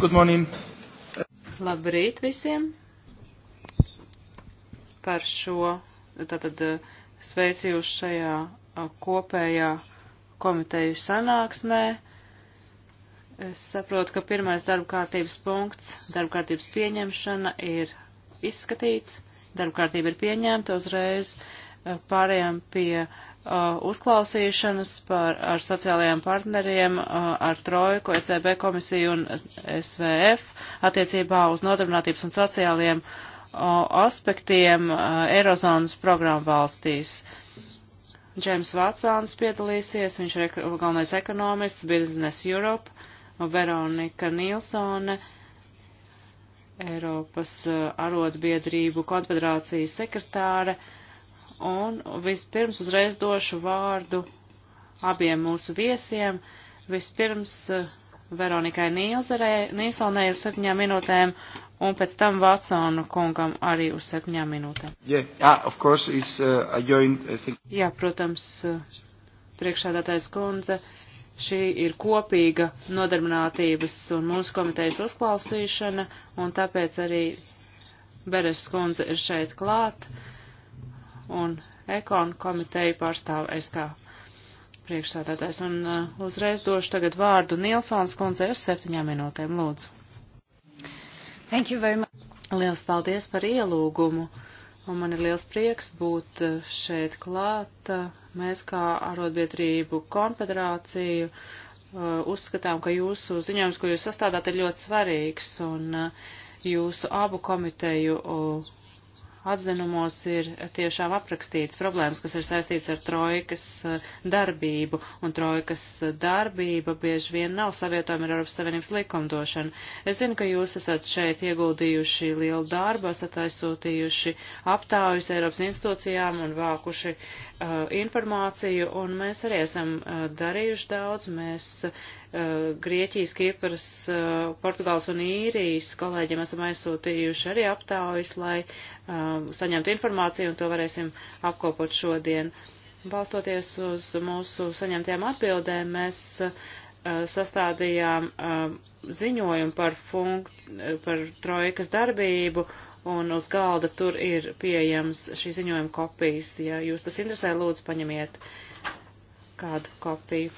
Good morning. Labrīt visiem par šo, tātad sveicu jūs šajā kopējā komiteju sanāksmē. Es saprotu, ka pirmais darba kārtības punkts, darba kārtības pieņemšana ir izskatīts, darba kārtība ir pieņemta, uzreiz pārējām pie uh, Uh, uzklausīšanas par, ar sociālajiem partneriem, uh, ar Trojku, ECB komisiju un SVF attiecībā uz nodarbinātības un sociālajiem uh, aspektiem Eirozonas programmu valstīs. Džeims Vatsāns piedalīsies, viņš ir galvenais ekonomists Business Europe, Veronika Nilsone, Eiropas arotbiedrību konfederācijas sekretāre, uh, un vispirms uzreiz došu vārdu abiem mūsu viesiem. Vispirms eh, Veronikai Nīlsonai uz septiņām minūtēm un pēc tam Vatsonu kungam arī uz septiņām minūtēm. Yeah, yeah, of course, is, uh, joined, I think... Jā, protams, eh, priekšādātais kundze, šī ir kopīga nodarbinātības un mūsu komitejas uzklausīšana, un tāpēc arī Beres kundze ir šeit klāt. Uh, un ekonu komiteju pārstāvu es kā priekšsādātājs. Un uh, uzreiz došu tagad vārdu Nilsons kundzei uz septiņām minūtēm, lūdzu. Thank you very much. Liels paldies par ielūgumu. Un man ir liels prieks būt uh, šeit klāt. Uh, mēs kā arotbiedrību konfederāciju uh, uzskatām, ka jūsu ziņojums, ko jūs sastādāt, ir ļoti svarīgs. Un jūsu abu komiteju atzinumos ir tiešām aprakstīts problēmas, kas ir saistīts ar trojkas eh, darbību, un trojkas eh, darbība bieži vien nav savietojama ar Eiropas Savienības likumdošanu. Es zinu, ka jūs esat šeit ieguldījuši lielu darbu, esat aizsūtījuši aptājusi Eiropas institūcijām un vākuši uh, informāciju, un mēs arī esam uh, darījuši daudz. Mēs uh, Grieķijas, Kipras, uh, Portugāls un Īrijas kolēģiem esam aizsūtījuši arī aptājusi, lai uh, Um, saņemt informāciju, un to varēsim apkopot šodien. Balstoties uz mūsu saņemtajām atbildēm, mēs uh, sastādījām um, ziņojumu par, funkt, par trojkas darbību, un uz galda tur ir pieejams šī ziņojuma kopijas. Ja jūs tas interesē, lūdzu, paņemiet kādu kopiju.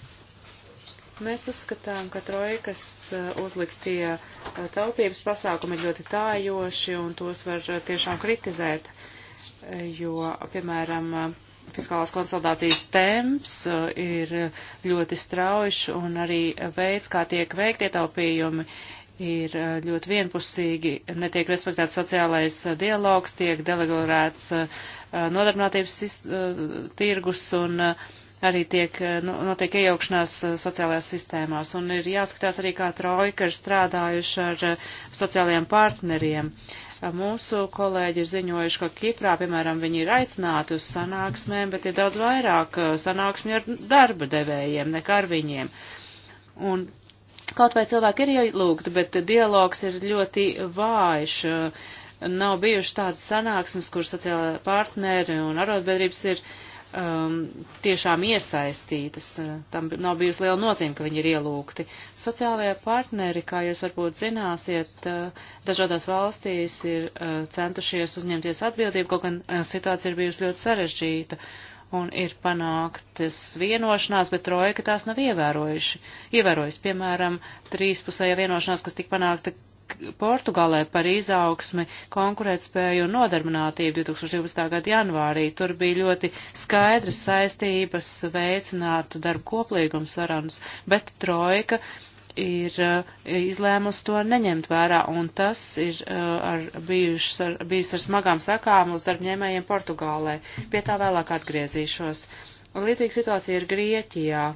Mēs uzskatām, ka trojkas eh, uzliktie eh, taupības pasākumi ir ļoti tājoši un tos var eh, tiešām kritizēt, jo, piemēram, fiskālās konsolidācijas temps ir ļoti straujš un arī veids, kā tiek veikt ietaupījumi, ir ļoti vienpusīgi, netiek respektēts sociālais dialogs, tiek delegorēts nodarbinātības tirgus un uh, arī tiek, nu, notiek iejaukšanās eh, sociālajās sistēmās, un ir jāskatās arī, kā trojka ir strādājuši ar eh, sociālajiem partneriem. Mūsu kolēģi ir ziņojuši, ka Kiprā, piemēram, viņi ir aicināti uz sanāksmēm, bet ir daudz vairāk sanāksmju ar darba devējiem nekā ar viņiem. Un kaut vai cilvēki ir ielūgti, bet dialogs ir ļoti vājš. Nav bijušas tādas sanāksmes, kur sociālai partneri un arotbiedrības ir uh, um, tiešām iesaistītas. Uh, tam nav bijusi liela nozīme, ka viņi ir ielūgti. Sociālajie partneri, kā jūs varbūt zināsiet, uh, dažādās valstīs ir uh, centušies uzņemties atbildību, kaut gan situācija ir bijusi ļoti sarežģīta. Un ir panāktas vienošanās, bet trojka tās nav ievērojuši. Ievērojusi, piemēram, trīspusējā vienošanās, kas tika panākta Portugālē par izaugsmi, konkurētspēju un nodarbinātību 2012. gada janvārī. Tur bija ļoti skaidras saistības veicināt darbu koplīgumu sarunas, bet trojka ir uh, izlēmusi to neņemt vērā, un tas ir uh, ar, bijušs, ar, bijis ar smagām sakām uz darbņēmējiem Portugālē. Pie tā vēlāk atgriezīšos. Līdzīga situācija ir Grieķijā.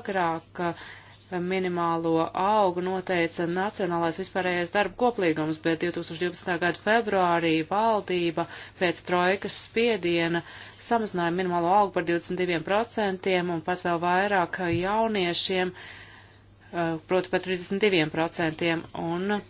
Agrāk uh, minimālo augu noteica Nacionālais vispārējais darba koplīgums, bet 2012. gada februārī valdība pēc trojkas spiediena samazināja minimālo augu par 22% un pat vēl vairāk jauniešiem, eh, proti par 32%. Un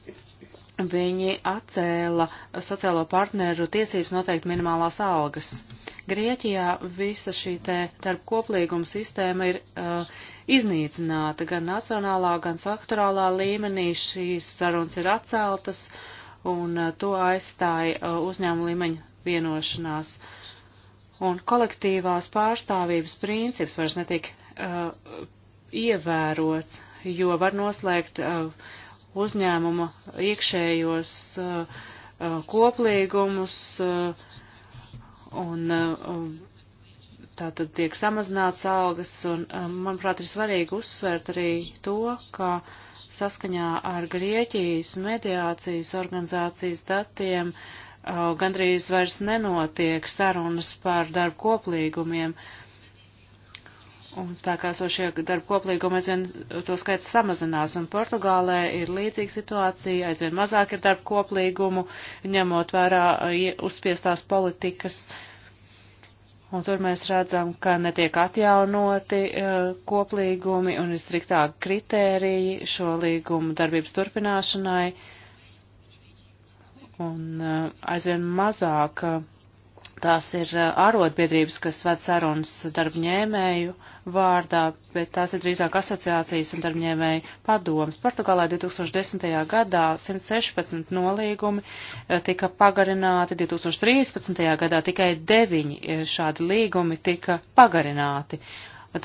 viņi atcēla sociālo partneru tiesības noteikt minimālās algas. Grieķijā visa šī te darba koplīguma sistēma ir uh, iznīcināta gan nacionālā, gan sektorālā līmenī. Šīs sarunas ir atceltas un uh, to aizstāja uh, uzņēmuma līmeņa vienošanās. Un kolektīvās pārstāvības princips vairs netiek uh, ievērots, jo var noslēgt uh, uzņēmuma iekšējos uh, uh koplīgumus. Uh, un tātad tiek samazināts algas, un, um, manuprāt, ir svarīgi uzsvērt arī to, ka saskaņā ar Grieķijas mediācijas organizācijas datiem uh, gandrīz vairs nenotiek sarunas par darbu koplīgumiem, un spēkāsošie darbu koplīgumi aizvien to skaits samazinās, un Portugālē ir līdzīga situācija, aizvien mazāk ir darbu koplīgumu, ņemot vērā uh, uzspiestās politikas uh, Un tur mēs redzam, ka netiek atjaunoti e, koplīgumi un ir striktāki kritēriji šo līgumu darbības turpināšanai. Un e, aizvien mazāk Tās ir eh, arotbiedrības, kas ved sarunas darbņēmēju vārdā, bet tās ir drīzāk asociācijas un darbņēmēju padomas. Portugālē 2010. gadā 116 nolīgumi eh, tika pagarināti, 2013. gadā tikai 9 eh, šādi līgumi tika pagarināti.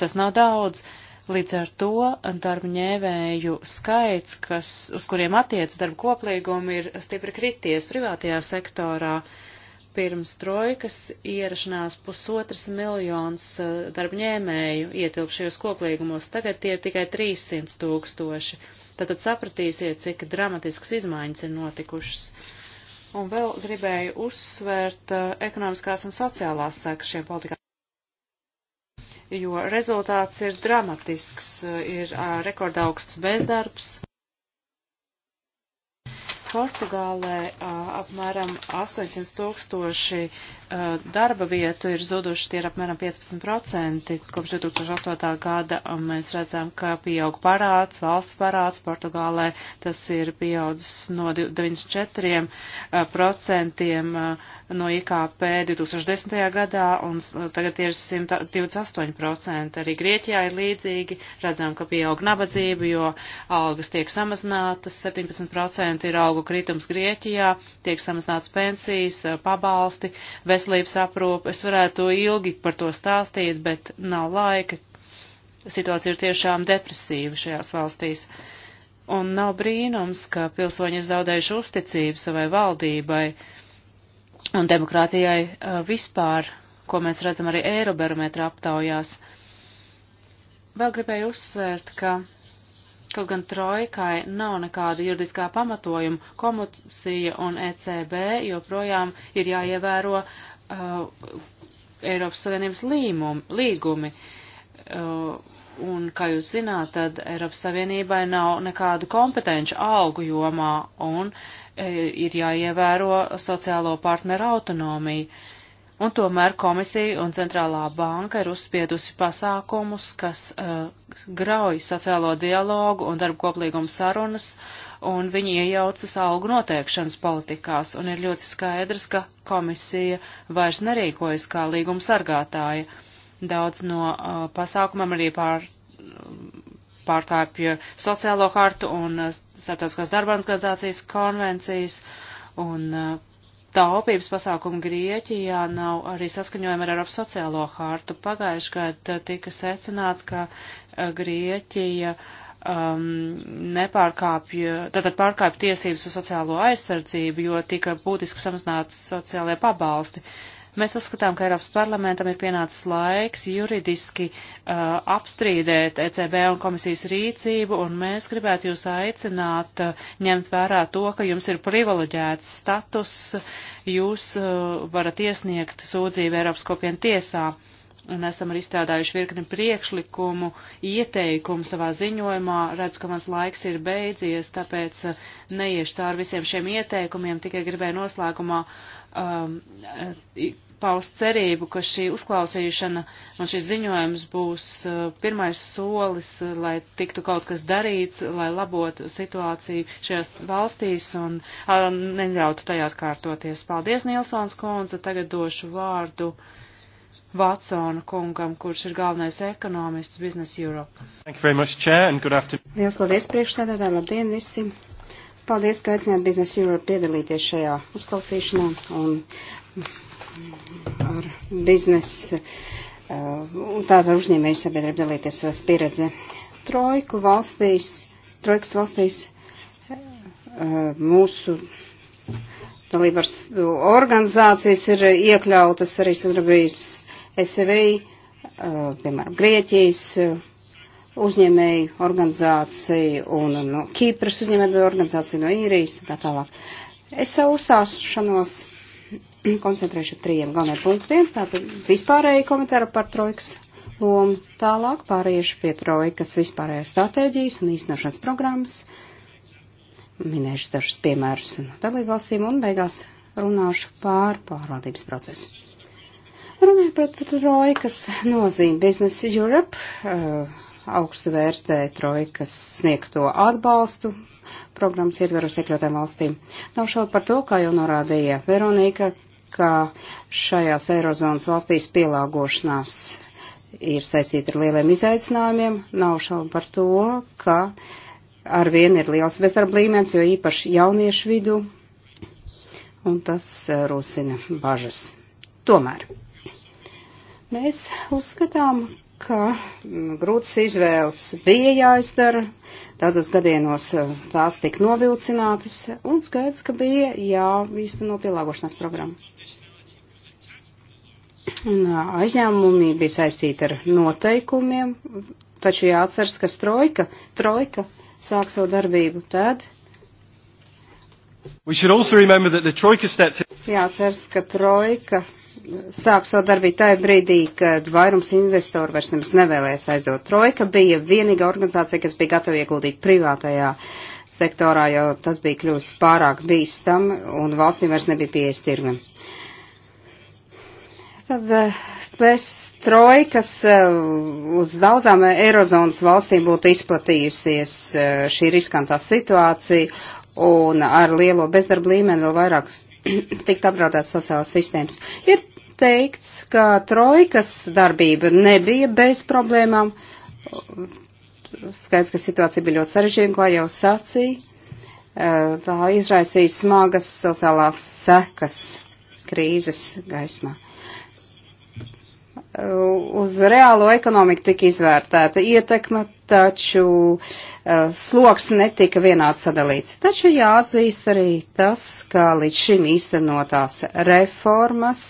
Tas nav daudz. Līdz ar to darba ņēvēju skaits, kas, uz kuriem attiec darba koplīgumi, ir stipri krities privātajā sektorā. Uh, pirms trojkas ierašanās pusotras miljons uh, darbņēmēju ietilp šajos koplīgumos, tagad tie ir tikai 300 tūkstoši. Tātad sapratīsiet, cik dramatisks izmaiņas ir notikušas. Un vēl gribēju uzsvērt uh, ekonomiskās un sociālās sekas šiem politikām, jo rezultāts ir dramatisks, uh, ir uh, rekordaugsts bezdarbs, Portugālē apmēram 800 tūkstoši Eh, darba vietu ir zuduši tie ir apmēram 15%. Kopš 2008. gada um, mēs redzam, ka pieaug parāds, valsts parāds Portugālē, tas ir pieaudzis no 94% eh, no IKP 2010. gadā un eh, tagad ir 128%. Arī Grieķijā ir līdzīgi, redzam, ka pieaug nabadzība, jo algas tiek samazinātas, 17% ir algu kritums Grieķijā, tiek samazināts pensijas, pabalsti, veselības aprūpe. Es varētu ilgi par to stāstīt, bet nav laika. Situācija ir tiešām depresīva šajās valstīs. Un nav brīnums, ka pilsoņi ir zaudējuši uzticību savai valdībai un demokrātijai vispār, ko mēs redzam arī Eirobarometra aptaujās. Vēl gribēju uzsvērt, ka Kaut gan trojkai nav nekāda juridiskā pamatojuma, komisija un ECB joprojām ir jāievēro uh, Eiropas Savienības līmumi, līgumi. Uh, un, kā jūs zināt, tad Eiropas Savienībai nav nekādu kompetenci algu jomā un e, ir jāievēro sociālo partneru autonomiju. Uh, Un tomēr komisija un centrālā banka ir uzspiedusi pasākumus, kas uh, grauj sociālo dialogu un darba koplīgumu sarunas, un viņi iejaucas algu noteikšanas politikās, un ir ļoti skaidrs, ka komisija vairs nerīkojas kā līguma sargātāja. Daudz no uh, pasākumiem arī pār, pārkāpja sociālo hartu un uh, starptautiskās darba organizācijas konvencijas, un uh, taupības pasākumu Grieķijā nav arī saskaņojama ar Eiropas sociālo hārtu. Pagājuši gadu tika secināts, ka eh, Grieķija um, nepārkāpja, tātad pārkāpja tiesības uz sociālo aizsardzību, jo tika būtiski samazināts sociālajie pabalsti. Uh, Mēs uzskatām, ka Eiropas parlamentam ir pienācis laiks juridiski uh, apstrīdēt ECB un komisijas rīcību, un mēs gribētu jūs aicināt uh, ņemt vērā to, ka jums ir privileģēts status, jūs uh, varat iesniegt sūdzību Eiropas kopienu tiesā un esam arī izstrādājuši virkni priekšlikumu, ieteikumu savā ziņojumā. Redzu, ka mans laiks ir beidzies, tāpēc uh, neiešu cauri visiem šiem ieteikumiem, tikai gribēju noslēgumā um, paust cerību, ka šī uzklausīšana un šis ziņojums būs uh, pirmais solis, uh, lai tiktu kaut kas darīts, lai labotu situāciju šajās valstīs un uh, neļautu tajā atkārtoties. Paldies, Nilsons kundze, tagad došu vārdu Vatsona kungam, kurš ir galvenais ekonomists Business Europe. Much, Chair, Liels paldies priekšsēdētāji, labdien visiem! Paldies, ka aicināt Biznesa Europe piedalīties šajā uzklausīšanā un ar biznesu, uh, tātad uzņēmēju sabiedrību dalīties savas pieredze. Trojku valstīs, trojkas valstīs uh, mūsu dalībās organizācijas ir iekļautas arī sadarbības SVI, uh, piemēram, Grieķijas uzņēmēju organizāciju un no nu, Kīpras uzņēmēju organizāciju no īrijas un tā tālāk. Es savu uzstāšanos koncentrēšu trijiem galvenajiem punktiem, tātad vispārēji komentāru par trojkas lomu, tālāk pāriešu pie trojkas vispārējās stratēģijas un īstenošanas programmas, minēšu dažus piemērus no dalībvalstīm un beigās runāšu pār pārvaldības procesu. Runāju par trojkas nozīmi Business Europe, uh, augstu vērtē trojkas sniegto atbalstu programmas ietveros iekļautām valstīm. Nav šaubu par to, kā jau norādīja Veronika, ka šajās Eirozonas valstīs pielāgošanās ir saistīta ar lieliem izaicinājumiem. Nav šaubu par to, ka arvien ir liels bezdarba līmenis, jo īpaši jauniešu vidu, un tas eh, rosina bažas. Tomēr mēs uzskatām, ka mm, grūtas izvēles bija jāizdara, daudzos gadienos eh, tās tika novilcinātas, un skaidrs, ka bija jāīsteno pielāgošanās programma. Un eh, aizņēmumi bija saistīti ar noteikumiem, taču jāatceras, ka strojka, trojka sāk savu darbību tad. Jāatceras, ka trojka sāk savu darbību tajā brīdī, kad vairums investoru vairs nemaz nevēlēs aizdot. Trojka bija vienīga organizācija, kas bija gatava ieguldīt privātajā sektorā, jo tas bija kļuvis pārāk bīstam un valstī vairs nebija pieejas tirgam. Tad eh, bez trojkas eh, uz daudzām Eirozonas valstīm būtu izplatījusies eh, šī riskantā situācija un ar lielo bezdarba līmeni vēl vairāk tikt apdraudēts sociālās sistēmas. Ir teikts, ka trojkas darbība nebija bez problēmām. Skaidrs, ka situācija bija ļoti sarežģīta, kā jau sacīja. Eh, tā izraisīja smagas sociālās sekas krīzes gaismā. Eh, uz reālo ekonomiku tika izvērtēta ietekme, taču eh, sloks netika vienāds sadalīts. Taču jāatzīst arī tas, ka līdz šim īstenotās reformas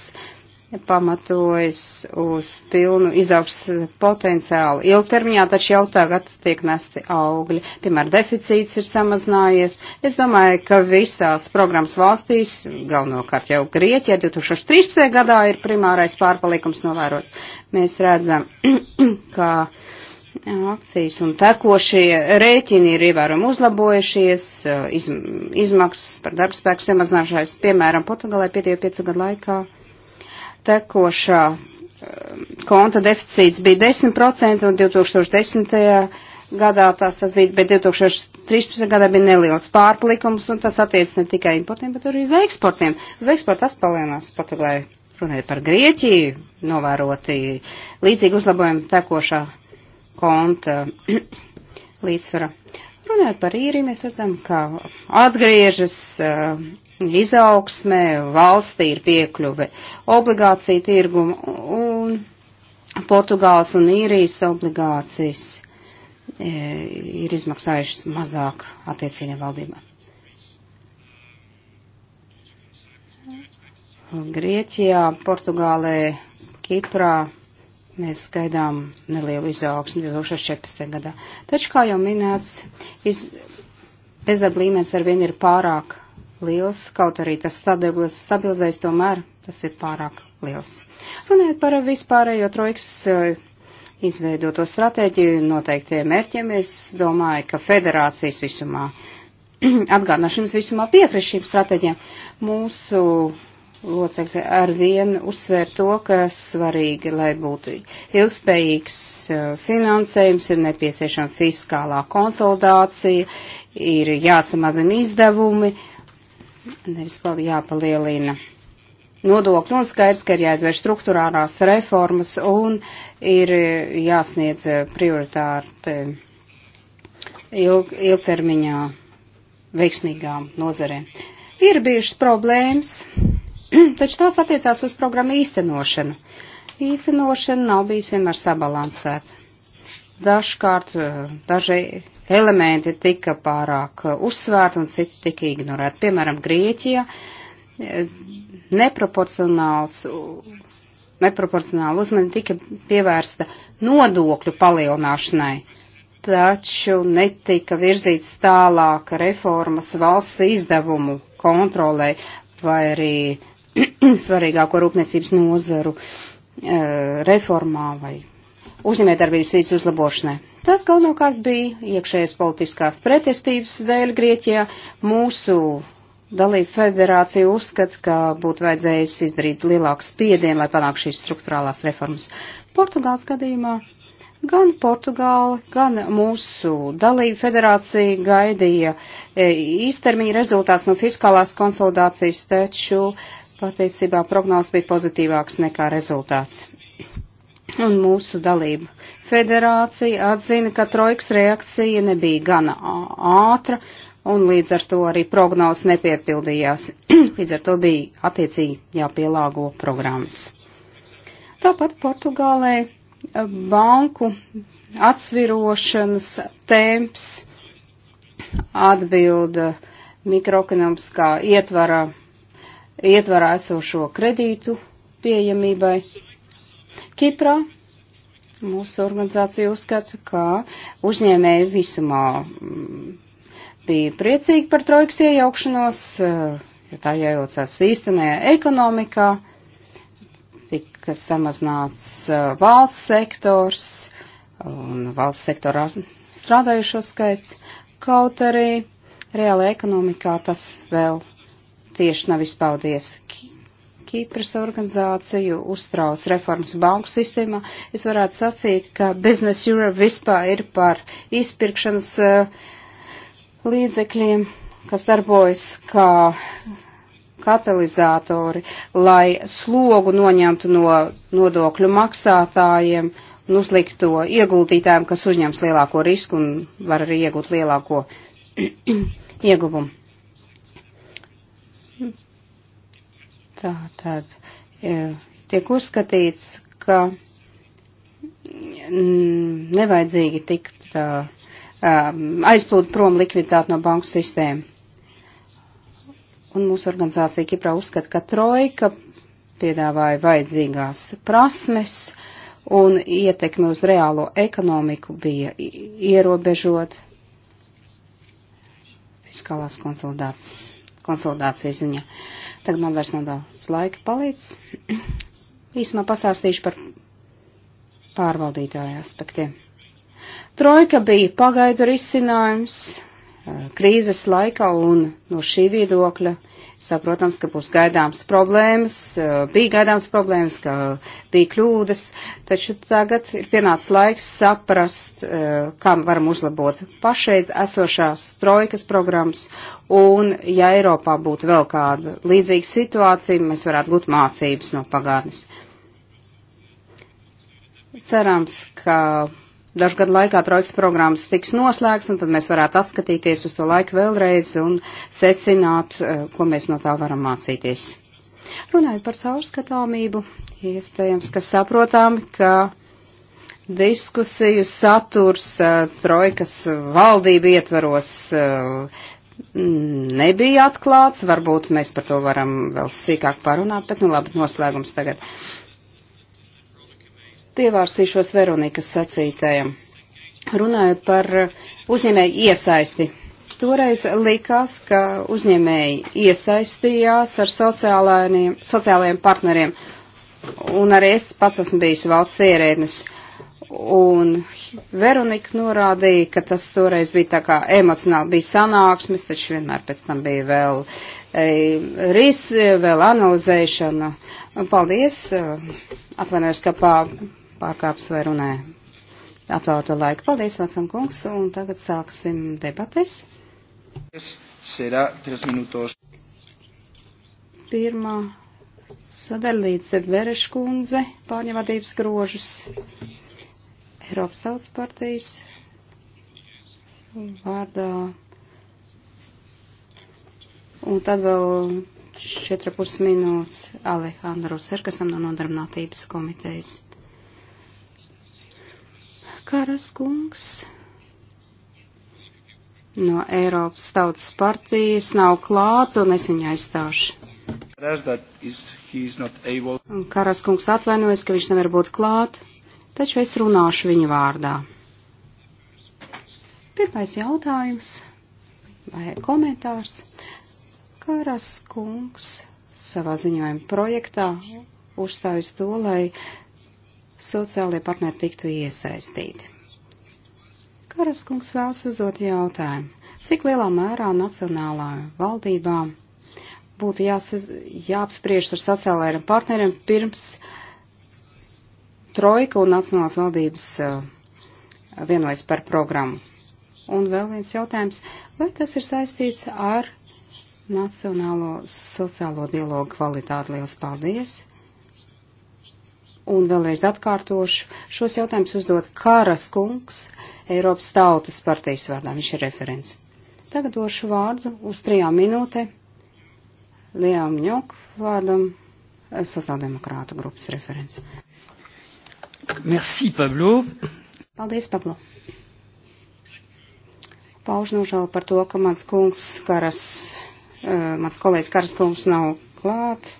pamatojas uz pilnu izaugs potenciālu ilgtermiņā, taču jau tagad tiek nesti augļi. Piemēram, deficīts ir samazinājies. Es domāju, ka visās programmas valstīs, galvenokārt jau Grieķijā, 2013. gadā ir primārais pārpalikums novērot. Mēs redzam, ka akcijas un tekošie rēķini ir ievērojami uzlabojušies, izmaksas par darbspēku samazinājušās, piemēram, Portugalē pēdējo piecu gadu laikā tekošā um, konta deficīts bija 10% un 2010. gadā tas, tas bija, bet 2013. gadā bija neliels pārplikums un tas attiec ne tikai importiem, bet arī uz eksportiem. Uz eksportu tas palēnās pat, lai runāja par Grieķiju, novēroti līdzīgi uzlabojumi tekošā konta līdzsvara. Runājot par īriju, mēs redzam, ka atgriežas uh, izaugsmē, valstī ir piekļuve obligācija tirguma un Portugāls un īrijas obligācijas e, ir izmaksājušas mazāk attiecīgajām valdībām. Grieķijā, Portugālē, Kiprā mēs gaidām nelielu izaugsmu 2014. gadā. Taču, kā jau minēts, iz, bezdarba līmenis arvien ir pārāk liels, kaut arī tas stabilizējas tomēr, tas ir pārāk liels. Runājot par vispārējo trojkas eh, izveidoto stratēģiju noteiktiem mērķiem, es domāju, ka federācijas visumā, atgādināšu jums visumā piekrišu šīm stratēģiem, mūsu locekļi ar vienu uzsver to, ka svarīgi, lai būtu ilgspējīgs eh, finansējums, ir nepieciešama fiskālā konsolidācija, ir jāsamazina izdevumi, uh, nevis jāpalielina nodokļi. Un skaidrs, ka ir jāizvērš struktūrārās reformas un ir jāsniedz prioritāti ilg, ilgtermiņā veiksmīgām nozarēm. Ir bijušas problēmas, taču tās attiecās uz programmu īstenošanu. Īstenošana nav bijusi vienmēr sabalansēta. Dažkārt eh, daži elementi tika pārāk uh, uzsvērti un citi tika ignorēti. Piemēram, Grieķija eh, neproporcionāls, neproporcionāla uzmanība tika pievērsta nodokļu palielināšanai, taču netika virzīts tālāk reformas valsts izdevumu kontrolē vai arī svarīgāko rūpniecības nozaru eh, reformā vai uzņēmētarbības vīdes uzlabošanai. Tas galvenokārt bija iekšējas politiskās pretestības dēļ Grieķijā. Mūsu dalība federācija uzskata, ka būtu vajadzējis izdarīt lielāku spiedienu, lai panāktu šīs struktūrālās reformas. Portugāls gadījumā gan Portugāla, gan mūsu dalība federācija gaidīja e, īstermiņa rezultāts no fiskālās konsolidācijas, taču patiesībā prognozes bija pozitīvāks nekā rezultāts un mūsu dalību. Federācija atzina, ka trojks reakcija nebija gana ātra, un līdz ar to arī prognozes nepiepildījās. līdz ar to bija attiecīgi jāpielāgo programmas. Tāpat Portugālē banku atsvirošanas temps atbilda mikroekonomiskā ietvara, ietvarā esošo kredītu pieejamībai. Kiprā mūsu organizācija uzskata, ka uzņēmēji visumā mm, bija priecīgi par trojkas iejaukšanos, eh, jo tā iejaucās īstenajā ekonomikā, tika samazināts eh, valsts sektors un valsts sektorā strādājušo skaits, kaut arī reālajā ekonomikā tas vēl tieši nav izpaudies. Kīpras organizāciju uztrauc reformas banku sistēmā. Es varētu sacīt, ka Business Europe vispār ir par izpirkšanas eh, līdzekļiem, kas darbojas kā katalizatori, lai slogu noņemtu no nodokļu maksātājiem un uzlikt to ieguldītājiem, kas uzņems lielāko risku un var arī iegūt lielāko ieguvumu. Tā tad e, tiek uzskatīts, ka nevajadzīgi tikt uh, e, aizplūdu prom likviditāti no banku sistēmu. Un mūsu organizācija Kiprā uzskata, ka trojka piedāvāja vajadzīgās prasmes un ietekmi uz reālo ekonomiku bija ierobežot fiskālās konsolidācijas konsultācijas ziņā. Tagad man vairs nav daudz laika palicis. Īsumā pastāstīšu par pārvaldītāju aspektiem. Trojka bija pagaidu risinājums, Eh, krīzes laikā un no šī viedokļa saprotams, ka būs gaidāms problēmas, eh, bija gaidāms problēmas, ka bija kļūdas, taču tagad ir pienācis laiks saprast, eh, kam varam uzlabot pašreiz esošās trojkas programmas un, ja Eiropā būtu vēl kāda līdzīga situācija, mēs varētu būt mācības no pagātnes. Cerams, ka dažu gadu laikā trojkas programmas tiks noslēgts, un tad mēs varētu atskatīties uz to laiku vēlreiz un secināt, eh, ko mēs no tā varam mācīties. Runājot par caurskatāmību, iespējams, ka saprotām, ka diskusiju saturs eh, trojkas valdību ietvaros eh, nebija atklāts, varbūt mēs par to varam vēl sīkāk parunāt, bet nu labi, noslēgums tagad. Uh, Pievērsīšos Veronikas sacītājiem. Runājot par uzņēmēju iesaisti. Toreiz likās, ka uzņēmēji iesaistījās ar sociālajiem partneriem. Un arī es pats esmu bijis valsts ierēdnis. Un Veronika norādīja, ka tas toreiz bija tā kā emocionāli bija sanāksmes, taču vienmēr pēc tam bija vēl e, ris, vēl analizēšana. Paldies, atvainojos, ka pā pārkāps vai runē atvēlēto laiku. Paldies, Vatsam kungs, un tagad sāksim debates. Pirmā sadalīta Vereškundze pārņemadības grožus Eiropas tautas partijas vārdā. Un tad vēl 4,5 minūtes Alejandro Serkasam no nodarbinātības komitejas. Karas kungs no Eiropas Tautas partijas nav klāt, un es viņu aizstāšu. Karas kungs atvainojas, ka viņš nevar būt klāt, taču es runāšu viņa vārdā. Pirmais jautājums vai komentārs. Karas kungs savā ziņojuma projektā uzstājas to, lai uh, sociālie partneri tiktu iesaistīti. Karaskungs vēlas uzdot jautājumu, cik lielā mērā nacionālām valdībām būtu jāsaz, jāapspriež ar sociālajiem partneriem pirms trojka un nacionālās valdības uh, vienojas par programmu. Un vēl viens jautājums, vai tas ir saistīts ar nacionālo sociālo dialogu kvalitāti? Liels paldies! Un vēlreiz atkārtošu, šos jautājumus uzdot Kāras kungs Eiropas tautas partijas vārdā. Viņš ir referents. Tagad došu vārdu uz trijām minūtēm Lielām Ņok vārdam eh, sociāldemokrātu grupas referents. Merci, Pablo. Paldies, Pablo. Pauž nožēlu par to, ka mans kungs Karas, eh, mans kolēģis Karas kungs nav klāt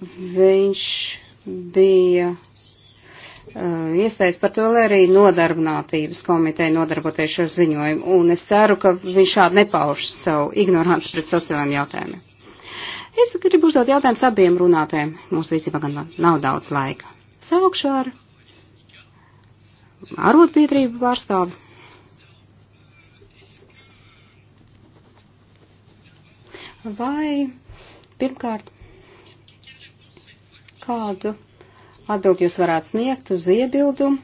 Viņš bija eh, iestājas par to, lai arī nodarbinātības komiteja nodarboties šo ziņojumu, un es ceru, ka viņš šādi nepauž savu ignoranci pret sociālajiem jautājumiem. Es gribu uzdot jautājumus abiem runātēm. Mums visiem gan nav daudz laika. Sākšu ar arotbiedrību pārstāvu. Vai pirmkārt kādu atbildi jūs varētu sniegt uz iebildumu,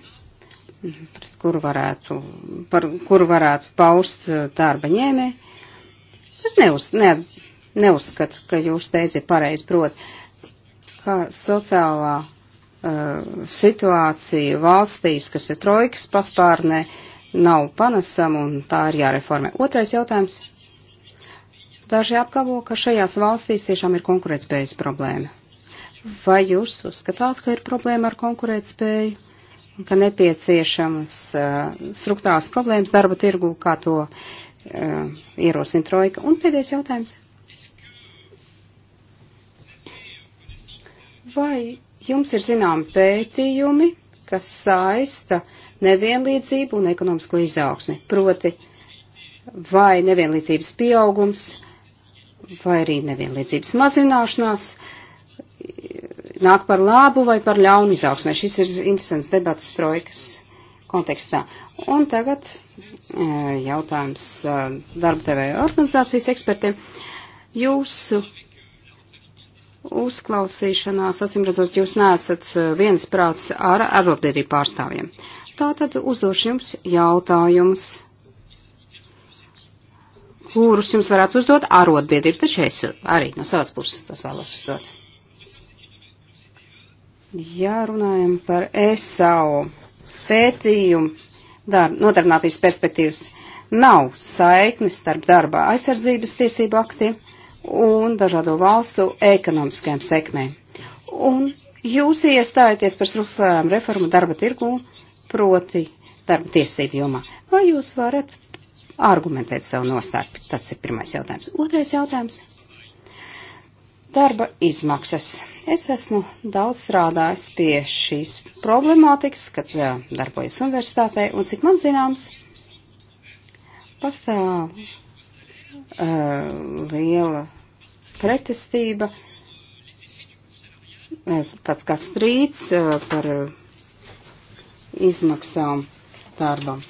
kuru varētu, par kuru varētu paust eh, darba ņēmē. Es neuz, ne, neuzskatu, ka jūs teizi pareizi prot, ka sociālā uh, situācija valstīs, kas ir trojkas paspārnē, nav panesama un tā ir jāreformē. Otrais jautājums. Daži apgalvo, ka šajās valstīs tiešām ir konkurētspējas problēma Vai jūs uzskatāt, ka ir problēma ar konkurētspēju un ka nepieciešamas uh, struktūrās problēmas darba tirgu, kā to uh, ierosina trojka? Un pēdējais jautājums. Vai jums ir zinām pētījumi, kas saista nevienlīdzību un ekonomisko izaugsmi? Proti, vai nevienlīdzības pieaugums, vai arī nevienlīdzības mazināšanās, uh, nāk par labu vai par ļaunu izaugsmē. Šis ir interesants debats trojkas kontekstā. Un tagad eh, jautājums eh, darba devēja organizācijas ekspertiem. Jūsu uzklausīšanās, acīm redzot, jūs neesat eh, viensprāts ar arotbiedrību pārstāvjiem. Tātad uzdošu jums jautājumus, kurus jums varētu uzdot arotbiedrība, taču es arī no savas puses tas vēlos uzdot. Ja runājam par ESAU pētījumu, dar, nodarbinātības perspektīvas, nav saiknes starp darbā aizsardzības tiesību aktiem un dažādo valstu ekonomiskajām sekmēm. Un jūs iestājaties par struktūrām reformu darba tirgu, proti darba tiesību jomā. Vai jūs varat argumentēt savu nostāju? Tas ir pirmais jautājums. Otrais jautājums. Darba izmaksas. Es esmu daudz strādājis pie šīs problemātikas, kad jā, darbojas universitātē, un cik man zināms, pastāv uh, liela pretestība, tāds kā strīds uh, par izmaksām darbam.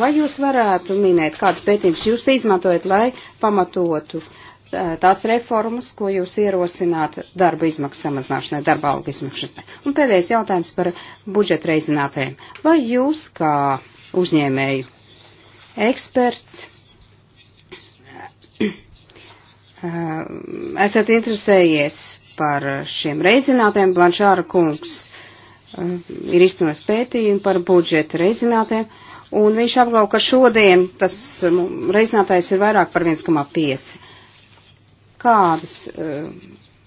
Vai jūs varētu minēt, kādas pētījums jūs izmantojat, lai pamatotu uh, tās reformas, ko jūs ierosināt darba izmaksu samazināšanai, darba algu izmakšanai. Un pēdējais jautājums par budžeta reizinātēm. Vai jūs, kā uzņēmēju eksperts, esat interesējies par šiem reizinātēm? Blanšāra kungs ir iztunos pētījumu par budžeta reizinātēm. Un viņš apgalvo, ka šodien tas reizinātājs ir vairāk par 1,5 kādas e,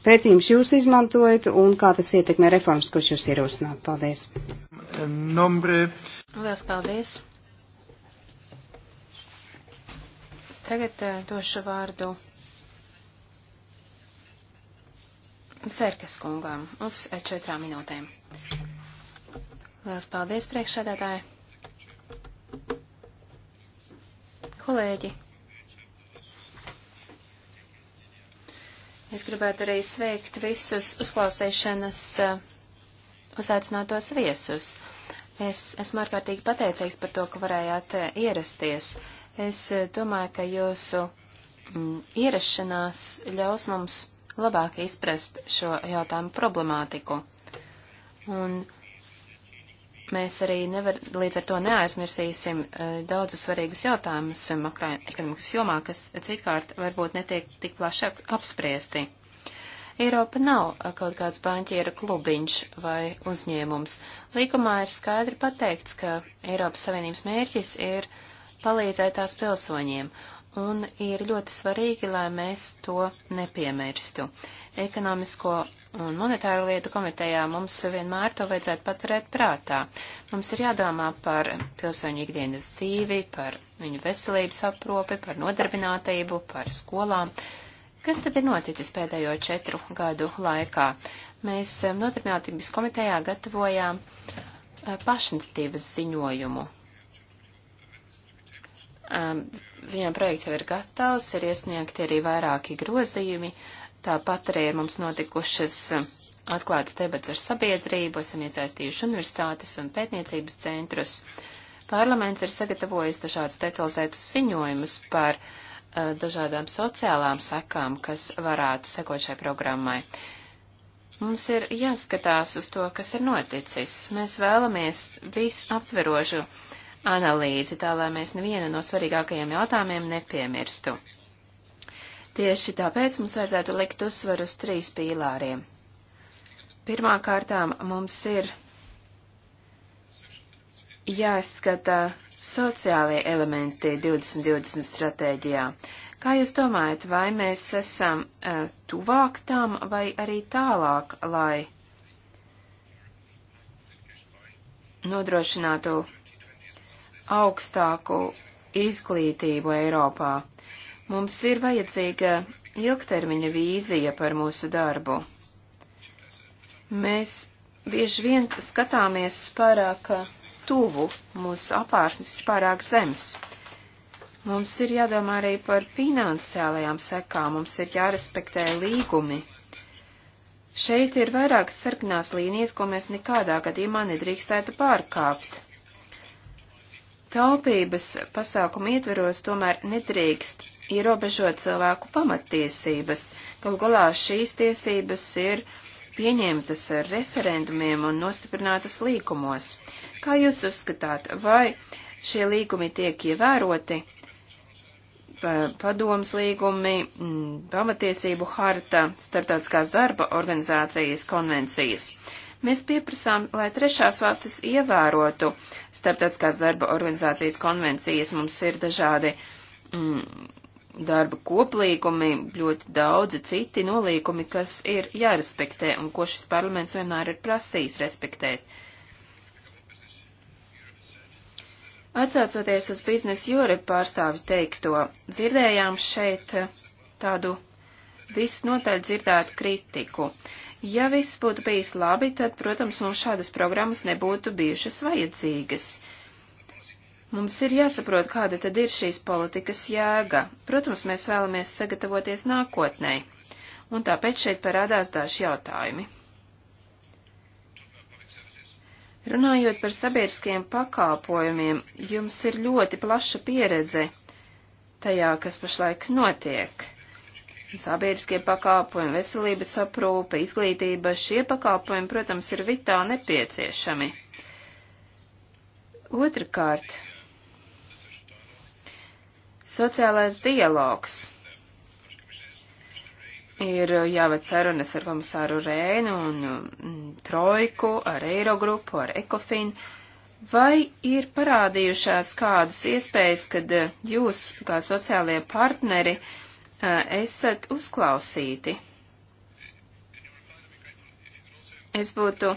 pētījumus jūs izmantojat un kā tas ietekmē reformas, ko jūs ierosināt. Paldies. Nombre. Lielas paldies. Tagad e, došu vārdu Sērkas kungām uz četrām minūtēm. Lielas paldies, priekšsēdētāji! Kolēģi, Es gribētu arī sveikt visus uzklausīšanas eh, uzaicinātos viesus. Es esmu ārkārtīgi pateicīgs par to, ka varējāt eh, ierasties. Es eh, domāju, ka jūsu mm, ierašanās ļaus mums labāk izprast šo jautājumu problemātiku. Un Mēs arī nevar, līdz ar to neaizmirsīsim eh, daudzus svarīgus jautājumus makroekonomikas jomā, kas citkārt varbūt netiek tik plaši apspriesti. Eiropa nav eh, kaut kāds banķiera klubiņš vai uzņēmums. Līgumā ir skaidri pateikts, ka Eiropas Savienības mērķis ir uh, palīdzēt tās pilsoņiem, un ir ļoti svarīgi, lai mēs to nepiemirstu. Ekonomisko un monetāru lietu komitejā mums vienmēr to vajadzētu paturēt prātā. Mums ir jādomā par pilsoņu ikdienas dzīvi, par viņu veselības apropi, par nodarbinātību, par skolām. Kas tad ir noticis pēdējo četru gadu laikā? Mēs nodarbinātības komitejā gatavojām eh, pašinstības ziņojumu Um, Ziņām projekts jau ir gatavs, ir iesniegti arī vairāki grozījumi, tāpat arī mums notikušas um, atklātas debats ar sabiedrību, esam iesaistījuši universitātes un pētniecības centrus. Parlaments ir sagatavojis dažādus detalizētus ziņojumus par uh, dažādām sociālām sekām, kas varētu sekot šai programmai. Mums ir jāskatās uz to, kas ir noticis. Mēs vēlamies visaptverošu analīzi, tā lai mēs nevienu no svarīgākajiem jautājumiem nepiemirstu. Tieši tāpēc mums vajadzētu likt uzsvaru uz trīs pīlāriem. Pirmā kārtām mums ir jāizskata sociālie elementi 2020 stratēģijā. Kā jūs domājat, vai mēs esam uh, tuvāk tam vai arī tālāk, lai nodrošinātu augstāku izglītību Eiropā. Mums ir vajadzīga ilgtermiņa vīzija par mūsu darbu. Mēs bieži vien skatāmies pārāk tuvu, mūsu apārsnes ir pārāk zems. Mums ir jādomā arī par finansiālajām sekām, mums ir jārespektē līgumi. Šeit ir vairākas sarkanās līnijas, ko mēs nekādā gadījumā nedrīkstētu pārkāpt. Taupības pasākumu ietveros tomēr nedrīkst ierobežot cilvēku pamattiesības. Galu galā šīs tiesības ir pieņemtas ar referendumiem un nostiprinātas līkumos. Kā jūs uzskatāt, vai šie līgumi tiek ievēroti? Padomas līgumi, mm, pamatiesību harta, starptautiskās darba organizācijas konvencijas. Mēs pieprasām, lai trešās valstis ievērotu starptautiskās darba organizācijas konvencijas. Mums ir dažādi mm, darba koplīgumi, ļoti daudzi citi nolīgumi, kas ir jārespektē un ko šis parlaments vienmēr ir prasījis respektēt. Atsaucoties uz biznesa jūri pārstāvi teikto, dzirdējām šeit tādu visnotaļ dzirdētu kritiku. Ja viss būtu bijis labi, tad, protams, mums šādas programmas nebūtu bijušas vajadzīgas. Mums ir jāsaprot, kāda tad ir šīs politikas jēga. Protams, mēs vēlamies sagatavoties nākotnē, un tāpēc šeit parādās daži jautājumi. Runājot par sabiedriskajiem pakalpojumiem, jums ir ļoti plaša pieredze tajā, kas pašlaik notiek sabiedriskie pakāpojumi, veselības aprūpe, izglītība, šie pakāpojumi, protams, ir vitāli nepieciešami. Otrakārt, sociālais dialogs. Ir jāved sarunas ar komisāru Rēnu un mm, Trojku, ar Eirogrupu, ar Ekofinu. Vai ir parādījušās kādas iespējas, kad eh, jūs, kā sociālie partneri, uh, Eh, esat uzklausīti. Es būtu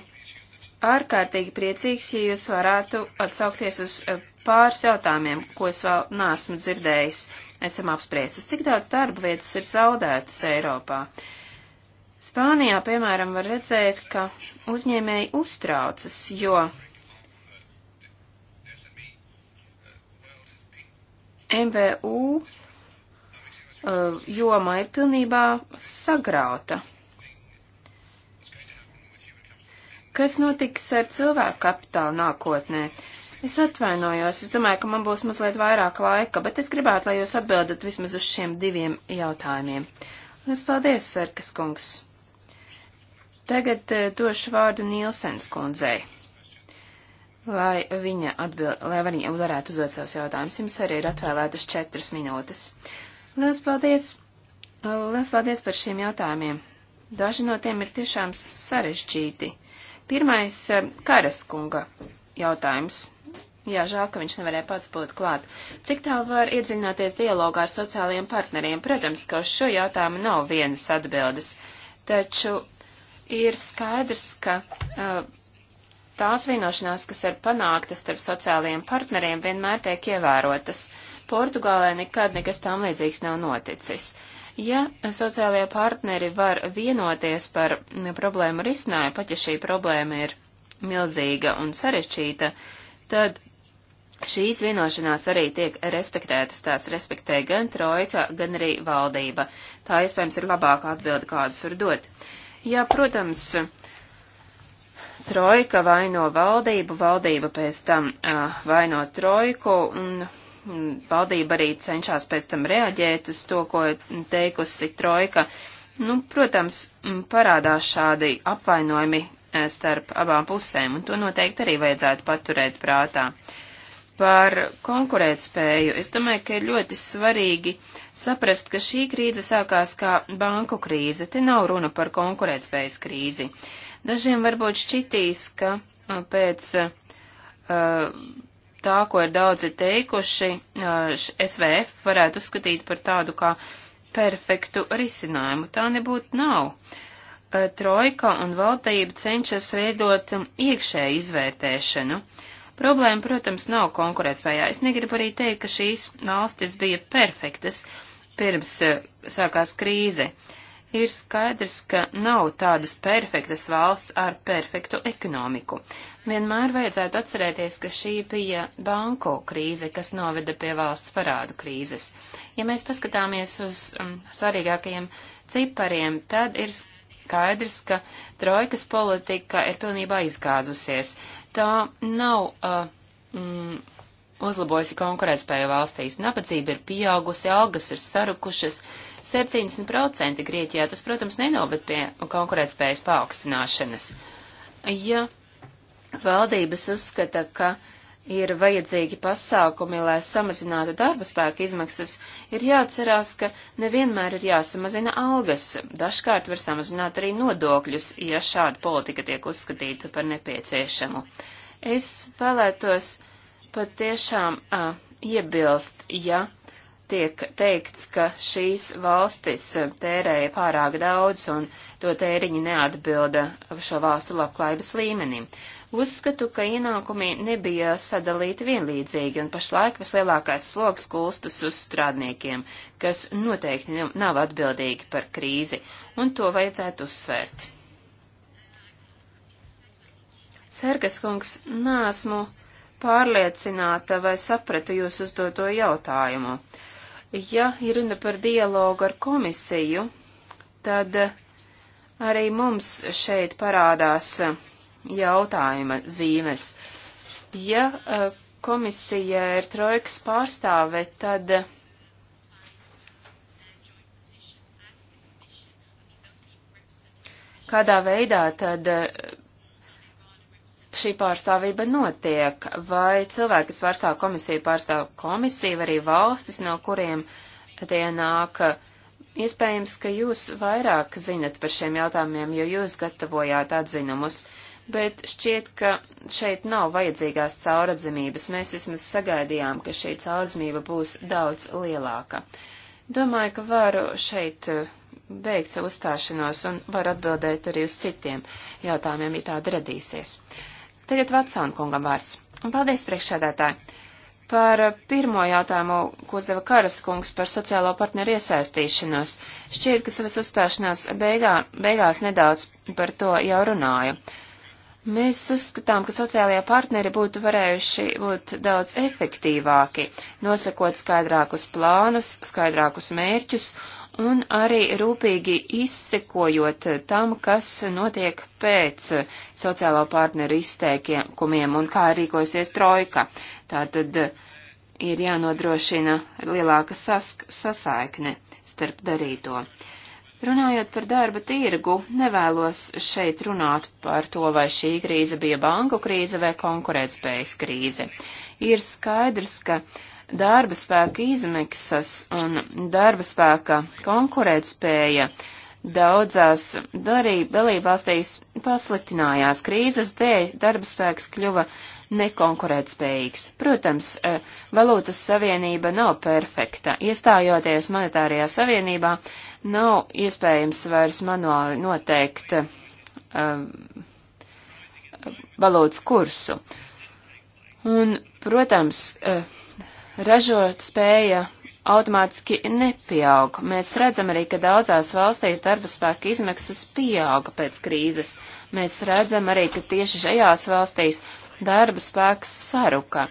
ārkārtīgi priecīgs, ja jūs varētu atsaukties uz eh, pāris jautājumiem, ko es vēl neesmu dzirdējis. Esam apspriesis, cik daudz darba vietas ir zaudētas Eiropā. Spānijā, piemēram, var redzēt, ka uzņēmēji uztraucas, jo MVU Uh, jomā ir pilnībā sagrauta. Kas notiks ar cilvēku kapitālu nākotnē? Es atvainojos, es domāju, ka man būs mazliet vairāk laika, bet es gribētu, lai jūs atbildat vismaz uz šiem diviem jautājumiem. Lielas paldies, Sarkas kungs! Tagad eh, došu vārdu Nielsens kundzei lai viņa atbild, lai viņa varētu uzdot savus jautājumus. Jums arī ir atvēlētas četras minūtes. Lielas paldies! Lielas paldies par šiem jautājumiem. Daži no tiem ir tiešām sarežģīti. Pirmais eh, - Karaskunga jautājums. Jā, žēl, ka viņš nevarēja pats būt klāt. Cik tālu var iedziļināties dialogā ar sociālajiem partneriem? Protams, ka uz šo jautājumu nav vienas atbildes, taču ir skaidrs, ka uh, Tās vienošanās, kas ir panāktas starp sociālajiem partneriem, vienmēr tiek ievērotas. Portugālē nekad nekas tam līdzīgs nav noticis. Ja sociālajie partneri var vienoties par problēmu risinājumu, pat ja šī problēma ir milzīga un sarešķīta, tad šīs vienošanās arī tiek respektētas. Tās respektē gan trojka, gan arī valdība. Tā iespējams ir labāka atbilde, kādas var dot. Jā, protams, uh, trojka vaino valdību, valdība pēc tam uh, vaino trojku, un valdība arī cenšas pēc tam reaģēt uz to, ko teikusi trojka. Nu, protams, parādās šādi apvainojumi starp abām pusēm, un to noteikti arī vajadzētu paturēt prātā. Par konkurētspēju es domāju, ka ir ļoti svarīgi saprast, ka šī krīze sākās kā banku krīze, te nav runa par konkurētspējas krīzi. Dažiem varbūt šķitīs, ka uh, pēc uh, tā, ko ir daudzi teikuši, uh, SVF varētu uzskatīt par tādu kā perfektu risinājumu. Tā nebūtu nav. Trojka un valdība cenšas veidot um, iekšēju izvērtēšanu. Problēma, protams, nav konkurētspējā. Es negribu arī teikt, ka šīs valstis bija perfektas pirms sākās krīze. Uh, ir skaidrs, ka nav tādas perfektas valsts ar perfektu ekonomiku. Vienmēr vajadzētu atcerēties, ka šī bija banku krīze, kas noveda pie valsts parādu krīzes. Ja mēs paskatāmies uz um, svarīgākajiem cipariem, tad ir skaidrs, ka trojkas politika ir pilnībā izgāzusies. Tā nav. Uh, mm, uzlabojusi konkurētspēja valstīs, nabadzība ir pieaugusi, algas ir sarukušas 70% Grieķijā. Tas, protams, nenovad pie konkurētspējas paaugstināšanas. Ja valdības uzskata, ka ir vajadzīgi pasākumi, lai samazinātu darba spēka izmaksas, ir jāatcerās, ka nevienmēr ir jāsamazina algas. Dažkārt var samazināt arī nodokļus, ja šāda politika tiek uzskatīta par nepieciešamu. Es vēlētos uh, patiešām uh, iebilst, ja tiek teikts, ka šīs valstis tērēja pārāk daudz un to tēriņi neatbilda šo valstu labklājības līmenim. Uzskatu, ka ienākumi nebija sadalīti vienlīdzīgi un pašlaik vislielākais sloks kulstas uz strādniekiem, kas noteikti nav atbildīgi par krīzi, un to vajadzētu uzsvērt. Sergas kungs, nāsmu. Nā pārliecināta, vai sapratu jūs uzdoto jautājumu. Ja ir runa par dialogu ar komisiju, tad arī mums šeit parādās jautājuma zīmes. Ja e, komisija ir trojkas pārstāve, tad kādā veidā tad šī pārstāvība notiek, vai cilvēki, kas pārstāv komisiju, pārstāv komisiju, arī valstis, no kuriem tie nāk. Iespējams, ka jūs vairāk zinat par šiem jautājumiem, jo jūs gatavojāt atzinumus, bet šķiet, ka šeit nav vajadzīgās cauradzamības. Mēs vismaz sagaidījām, ka šī cauradzamība būs daudz lielāka. Domāju, ka varu šeit eh, beigt savu uzstāšanos un varu atbildēt arī uz citiem jautājumiem, ja tāda radīsies. Uh, Tagad Vatsona kungam vārds. Un paldies priekšsēdētāji. Par pirmo jautājumu, ko uzdeva Karas kungs par sociālo partneru iesaistīšanos, šķiet, ka savas uzstāšanās beigā, beigās nedaudz par to jau runāju. Mēs uzskatām, ka sociālajie partneri būtu varējuši būt daudz efektīvāki, nosakot skaidrākus plānus, skaidrākus mērķus un arī rūpīgi izsekojot tam, kas notiek pēc sociālo partneru izteikumiem un kā rīkosies trojka. Tātad ir jānodrošina lielāka sask, sasaikne starp darīto. Runājot par darba tirgu, nevēlos šeit runāt par to, vai šī krīze bija banku krīze vai konkurētspējas krīze. Ir skaidrs, ka uh, darba spēka izmaksas un darba spēka konkurētspēja daudzās dalībvalstīs pasliktinājās krīzes dēļ, darba spēks kļuva nekonkurētspējīgs. Protams, e, valūtas savienība nav perfekta. Iestājoties monetārajā savienībā, nav iespējams vairs manuāli noteikt um, valūtas kursu. Un, protams, uh, ražot spēja automātiski nepieaug. Mēs redzam arī, ka daudzās valstīs darba spēka izmaksas pieauga pēc krīzes. Mēs redzam arī, ka tieši šajās valstīs darba spēks saruka.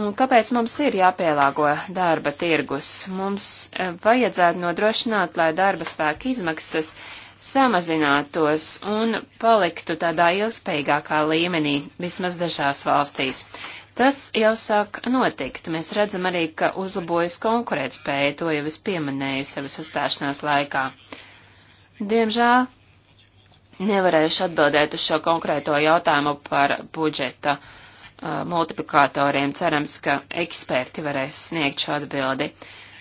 Un kāpēc mums ir jāpielāgo darba tirgus? Mums e, vajadzētu nodrošināt, lai darba spēka izmaksas samazinātos un paliktu tādā ilgspējīgākā līmenī, vismaz dažās valstīs. Tas jau sāk notikt. Mēs redzam arī, ka uzlabojas konkurētspēja, to jau es pieminēju savas uzstāšanās laikā. Diemžēl nevarēšu atbildēt uz šo konkrēto jautājumu par budžeta uh, multiplikatoriem. Cerams, ka eksperti varēs sniegt šo atbildi.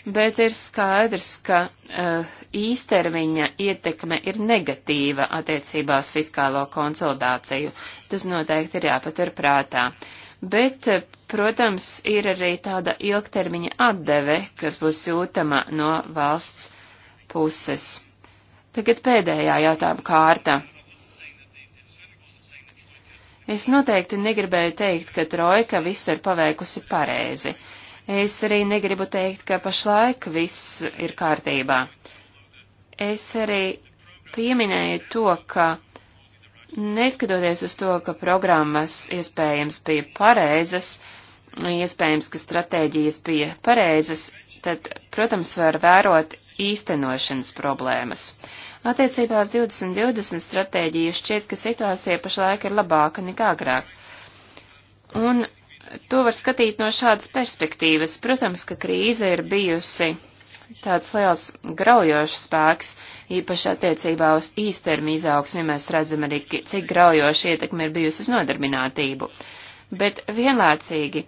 Bet ir skaidrs, ka uh, īstermiņa ietekme ir negatīva attiecībās fiskālo konsolidāciju. Tas noteikti ir jāpatur prātā. Uh, bet, eh, protams, ir arī tāda ilgtermiņa atdeve, kas būs jūtama no valsts puses. Tagad pēdējā jautājuma kārta. Es noteikti negribēju teikt, ka trojka visu ir paveikusi pareizi. Es arī negribu teikt, ka pašlaik viss ir kārtībā. Es arī pieminēju to, ka Neskatoties uz to, ka programmas iespējams bija pareizas, iespējams, ka stratēģijas bija pareizas, tad, protams, var vērot īstenošanas problēmas. Attiecībā uz 2020 stratēģiju šķiet, ka situācija pašlaik ir labāka nekā agrāk. Un to var skatīt no šādas perspektīvas. Protams, ka krīze ir bijusi tāds liels graujošs spēks, īpaši attiecībā uz īstermiņa izaugsmi, mēs redzam arī, cik graujoši ietekme ir bijusi uz nodarbinātību. Bet vienlaicīgi,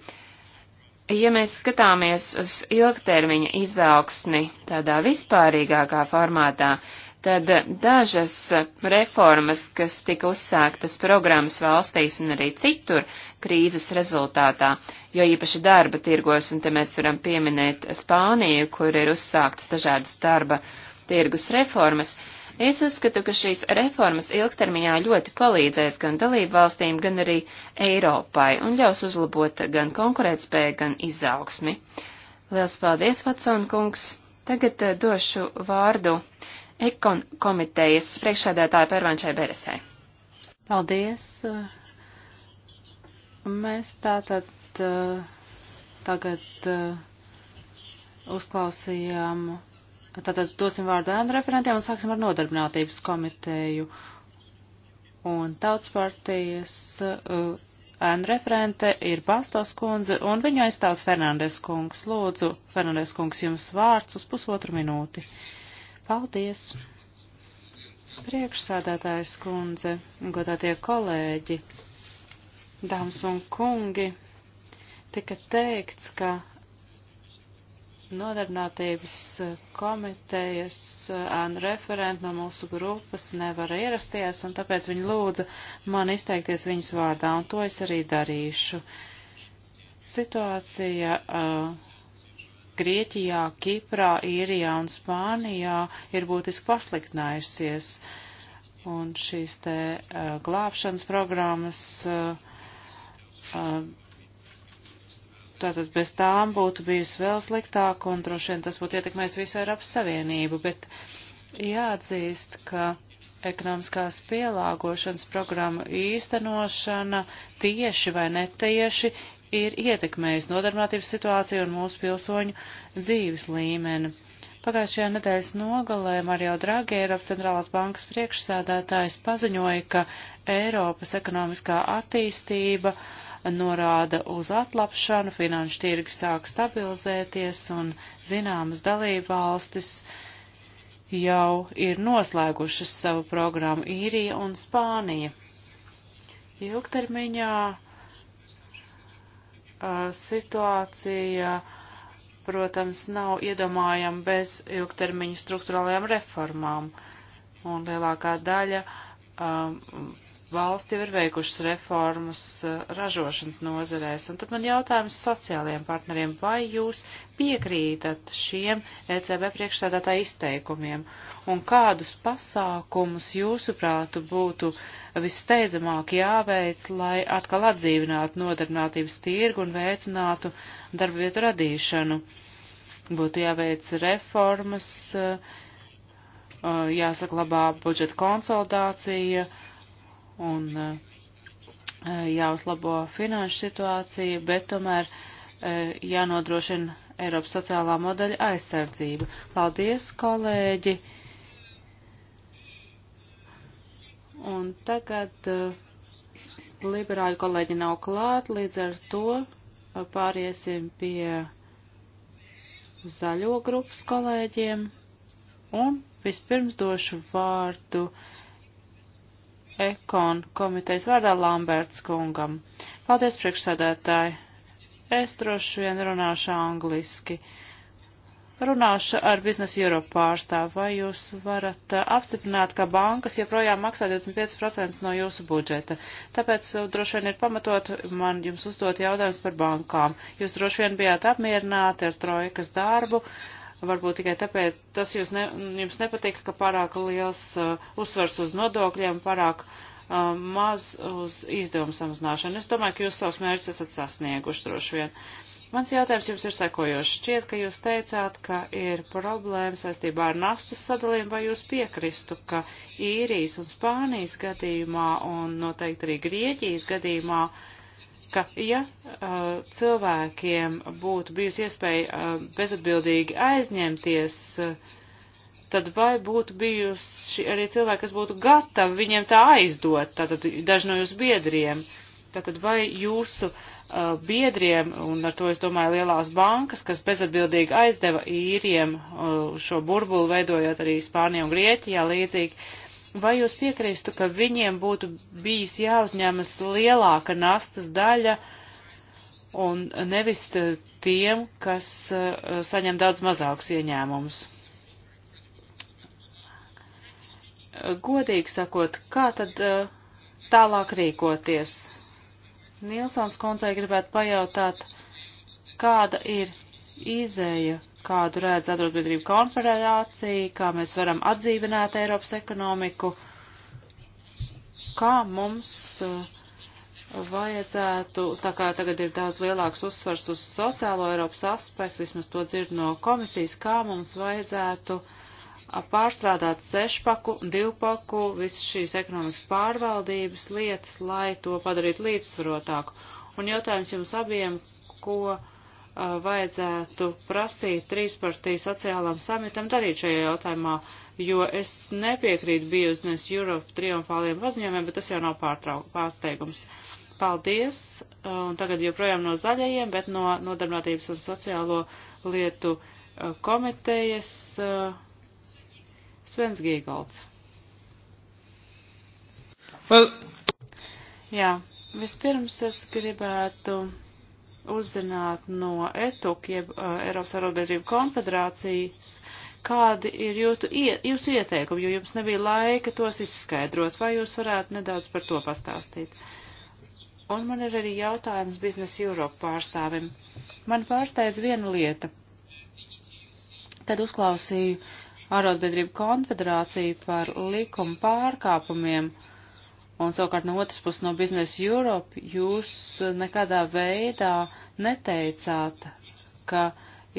ja mēs skatāmies uz ilgtermiņa izaugsni tādā vispārīgākā formātā, tad dažas reformas, kas tika uzsāktas programmas valstīs un arī citur krīzes rezultātā, jo īpaši darba tirgos, un te mēs varam pieminēt Spāniju, kur ir uzsāktas dažādas darba tirgus reformas, es uzskatu, ka šīs reformas ilgtermiņā ļoti palīdzēs gan dalību valstīm, gan arī Eiropai un ļaus uzlabot gan konkurētspēju, gan izaugsmi. Liels paldies, Vatsonkungs! Tagad eh, došu vārdu uh, Ekon komitejas priekšsēdētāja Pervančai Beresē. Paldies. Mēs tātad tagad uzklausījām, tātad dosim vārdu ēnu referentiem un sāksim ar nodarbinātības komiteju. Un tautas partijas ēnu referente ir Bastos kundze un viņu aizstāvs Fernandes kungs. Lūdzu, Fernandes kungs, jums vārds uz pusotru minūti. Uh, Paldies! Priekšsādātājs kundze, godātie kolēģi, dāmas un kungi, tika teikts, ka nodarbinātības komitejas eh, ēnu referenti no mūsu grupas nevar ierasties, un tāpēc viņi lūdza man izteikties viņas vārdā, un to es arī darīšu. Situācija uh, Grieķijā, Kiprā, Īrijā un Spānijā ir būtiski pasliktinājusies. Un šīs te uh, glābšanas programmas, uh, uh, tātad bez tām būtu bijusi vēl sliktāk, un droši vien tas būtu ietekmējis visu Eiropas Savienību, bet jāatzīst, ka ekonomiskās pielāgošanas programmu īstenošana tieši vai netieši ir ietekmējis nodarbinātības situāciju un mūsu pilsoņu dzīves līmeni. Pagājušajā nedēļas nogalē Mario Draghi, Eiropas centrālās bankas priekšsēdētājs, paziņoja, ka Eiropas ekonomiskā attīstība norāda uz atlapšanu, finanšu tirgi sāk stabilizēties un zināmas dalība valstis jau ir noslēgušas savu programmu Īrija un Spānija. Ilgtermiņā situācija, protams, nav iedomājama bez ilgtermiņa struktūrālajām reformām, un lielākā daļa valsts jau ir veikušas reformas eh, ražošanas nozarēs. Un tad man jautājums sociālajiem partneriem, vai jūs piekrītat šiem ECB priekšstādātā izteikumiem un kādus pasākumus jūsuprātu būtu visteidzamāk jāveic, lai atkal atdzīvinātu nodarbinātības tirgu un veicinātu darbvietu radīšanu. Būtu jāveic reformas, eh, eh, jāsaklabā budžeta konsolidācija, uh, un eh, jāuzlabo finanšu situācija, bet tomēr eh, jānodrošina Eiropas sociālā modeļa aizsardzība. Paldies, kolēģi! Un tagad eh, liberāļu kolēģi nav klāt, līdz ar to pāriesim pie zaļo grupas kolēģiem. Un vispirms došu vārdu uh, ekon komitejas vārdā Lamberts kungam. Paldies, priekšsēdētāji. Es droši vien runāšu angliski. Runāšu ar Business Europe pārstāvu. Vai jūs varat uh, apstiprināt, ka bankas joprojām maksā 25% no jūsu budžeta? Tāpēc uh, droši vien ir pamatot man jums uzdot jautājums par bankām. Jūs droši vien bijāt apmierināti ar trojkas darbu. Uh, Varbūt tikai tāpēc tas jūs ne, jums nepatika, ka pārāk liels uh, uzsvars uz nodokļiem, pārāk uh, maz uz izdevumu samazināšanu. Es domāju, ka jūs savus mērķus esat sasnieguši droši vien. Mans jautājums jums ir sekojošs. Šķiet, ka jūs teicāt, ka ir problēma saistībā ar nastas sadalījumu, vai jūs piekristu, ka īrijas un Spānijas gadījumā un noteikti arī Grieķijas gadījumā uh, ka ja uh, cilvēkiem būtu bijusi iespēja uh, bezatbildīgi aizņemties, uh, tad vai būtu bijusi arī cilvēki, kas būtu gatavi viņiem tā aizdot, tātad daži no jūsu biedriem. Tātad vai jūsu uh, biedriem, un ar to es domāju lielās bankas, kas bezatbildīgi aizdeva īriem uh, šo burbuli, veidojot arī Spānijā un Grieķijā līdzīgi, uh, Vai jūs piekrīstu, ka viņiem būtu bijis jāuzņemas lielāka nastas daļa un nevis eh, tiem, kas eh, saņem daudz mazākus ieņēmumus? Godīgi sakot, kā tad eh, tālāk rīkoties? Nilsons kundzei gribētu pajautāt, kāda ir izēja kādu redz Sadarbības konfederācija, kā mēs varam atdzīvināt Eiropas ekonomiku, kā mums uh, vajadzētu, tā kā tagad ir daudz lielāks uzsvars uz sociālo Eiropas aspektu, vismaz to dzird no komisijas, kā mums vajadzētu uh, pārstrādāt sešpaku, divpaku, visas šīs ekonomikas pārvaldības lietas, lai to padarītu līdzsvarotāku. Un jautājums jums abiem, ko vajadzētu prasīt trīspartiju sociālām samitam darīt šajā jautājumā, jo es nepiekrītu Business Europe triumfāliem paziņojumiem, bet tas jau nav pārsteigums. Paldies, un tagad joprojām no zaļajiem, bet no nodarbinātības un sociālo lietu komitejas Svens Gīgolds. Well. Jā, vispirms es gribētu uzzināt no ETUK, jeb uh, Eiropas Arotbiedrību konfederācijas, kādi ir jūtu, iet, jūsu ieteikumi, jo jums nebija laika tos izskaidrot, vai jūs varētu nedaudz par to pastāstīt. Un man ir arī jautājums biznesa Europe pārstāvim. Man pārsteidz viena lieta. Kad uzklausīju Arotbiedrību konfederāciju par likuma pārkāpumiem, uh, Un savukārt no otras puses no Business Europe jūs eh, nekādā veidā neteicāt, ka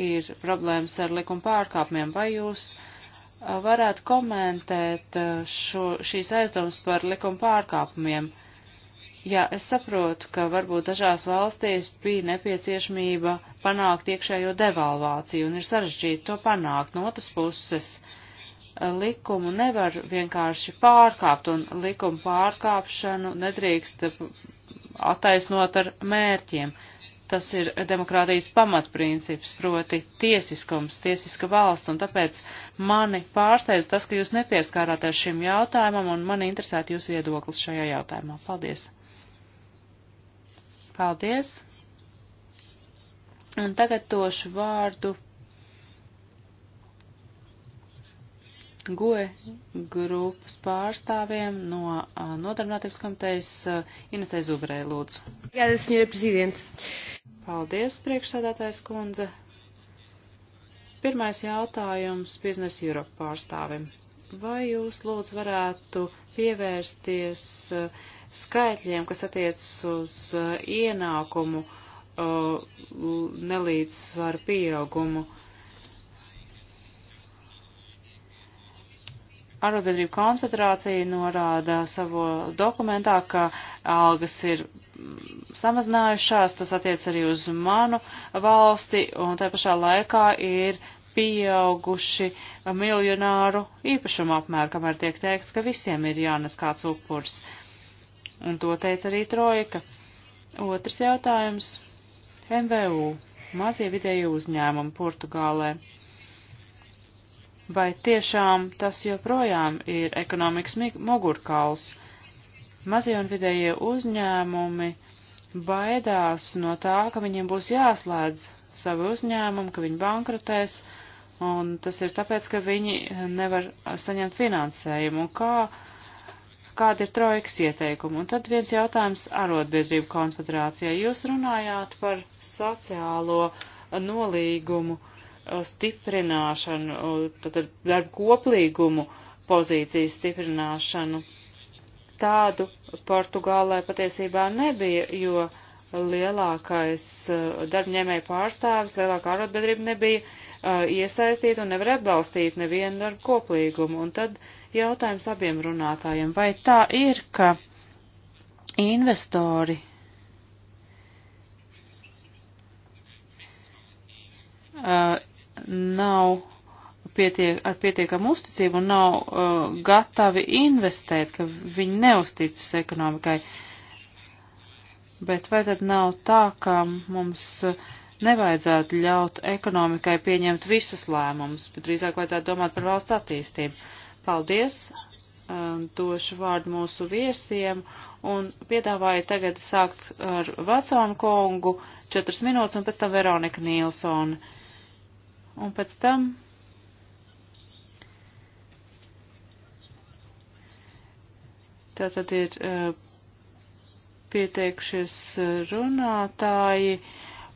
ir problēmas ar likuma pārkāpumiem. Vai jūs eh, varētu komentēt eh, šo, šīs aizdomas par likuma pārkāpumiem? Jā, es saprotu, ka varbūt dažās valstīs bija nepieciešamība panākt iekšējo devalvāciju un ir sarežģīti to panākt. No otras puses, likumu nevar vienkārši pārkāpt, un likumu pārkāpšanu nedrīkst attaisnot ar mērķiem. Tas ir demokrātijas pamatprincips, proti tiesiskums, tiesiska valsts, un tāpēc mani pārsteidz tas, ka jūs nepieskārāties šim jautājumam, un mani interesētu jūsu viedoklis šajā jautājumā. Paldies! Paldies! Un tagad došu vārdu goja grupas pārstāvjiem no Nodarbinātības komitejas Inesē Zubrē, lūdzu. Gādas, ņēra prezidents. Paldies, priekšsēdētājs kundze. Pirmais jautājums biznesa Europe pārstāvim. Vai jūs, lūdzu, varētu pievērsties skaitļiem, kas attiecas uz ienākumu nelīdzsvaru pieaugumu? Arotbiedrību konfederācija norāda savo dokumentā, ka algas ir samazinājušās, tas attiec arī uz manu valsti, un tā pašā laikā ir pieauguši miljonāru īpašumu apmēru, kamēr tiek teikts, ka visiem ir jānes kāds upurs. Un to teica arī Trojka. Otrs jautājums. MVU. Mazie vidēji uzņēmumi Portugālē vai tiešām tas joprojām ir ekonomikas mugurkauls. Mazie un vidējie uzņēmumi baidās no tā, ka viņiem būs jāslēdz savi uzņēmumi, ka viņi bankrotēs, un tas ir tāpēc, ka viņi nevar saņemt finansējumu. Un kā, kāda ir trojkas ieteikuma? Un tad viens jautājums arotbiedrību konfederācijai. Jūs runājāt par sociālo nolīgumu Uh, stiprināšanu, uh, tātad darba koplīgumu pozīcijas stiprināšanu. Tādu Portugālē patiesībā nebija, jo lielākais uh, darbņēmēja pārstāvis, lielākā arotbiedrība nebija uh, iesaistīta un nevar atbalstīt nevienu darbu koplīgumu. Un tad jautājums abiem runātājiem, vai tā ir, ka investori uh, nav pietiek, ar pietiekamu uzticību un nav uh, gatavi investēt, ka viņi neusticas ekonomikai. Bet vai tad nav tā, ka mums uh, nevajadzētu ļaut ekonomikai pieņemt visus lēmumus, bet drīzāk vajadzētu domāt par valsts attīstību? Paldies! Uh, došu vārdu mūsu viesiem un piedāvāju tagad sākt ar Vaconu kungu 4 minūtes un pēc tam Veronika Nīlsona un pēc tam tātad ir eh, pieteikušies eh, runātāji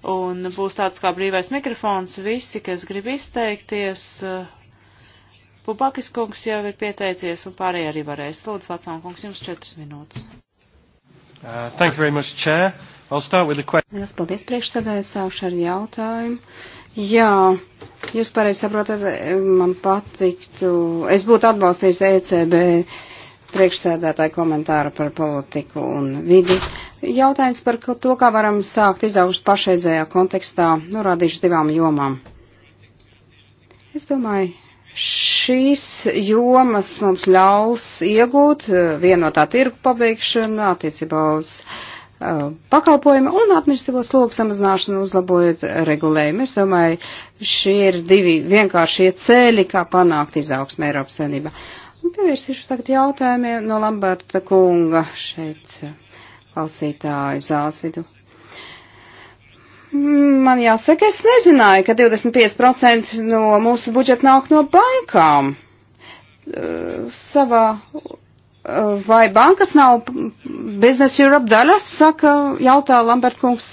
un būs tāds kā brīvais mikrofons. Visi, kas grib izteikties, eh, Pupakis kungs jau ir pieteicies un pārējie arī varēs. Lūdzu, Vacāna kungs, jums četras minūtes. Uh, thank you very much, Chair. Lielas paldies priekšsēdēju, sākšu ar jautājumu. Jā, jūs pareizi saprotat, man patiktu, es būtu atbalstījis ECB priekšsēdētāju komentāru par politiku un vidi. Jautājums par to, kā varam sākt izaugst pašreizējā kontekstā, nu rādīšu divām jomām. Es domāju, šīs jomas mums ļaus iegūt eh, vienotā tirgu pabeigšanu attiecībā uz. Uh, pakalpojumi un administratīvo slogu samazināšanu uzlabojot regulējumu. Es domāju, šie ir divi vienkāršie ceļi, kā panākt izaugsmē Eiropas Savienībā. Un pievērsīšu tagad jautājumiem no Lamberta kunga šeit klausītāju zāles vidu. Man jāsaka, es nezināju, ka 25% no mūsu budžeta nāk no bankām. Savā vai bankas nav biznesa Europe daļa, saka, jautā Lambert kungs.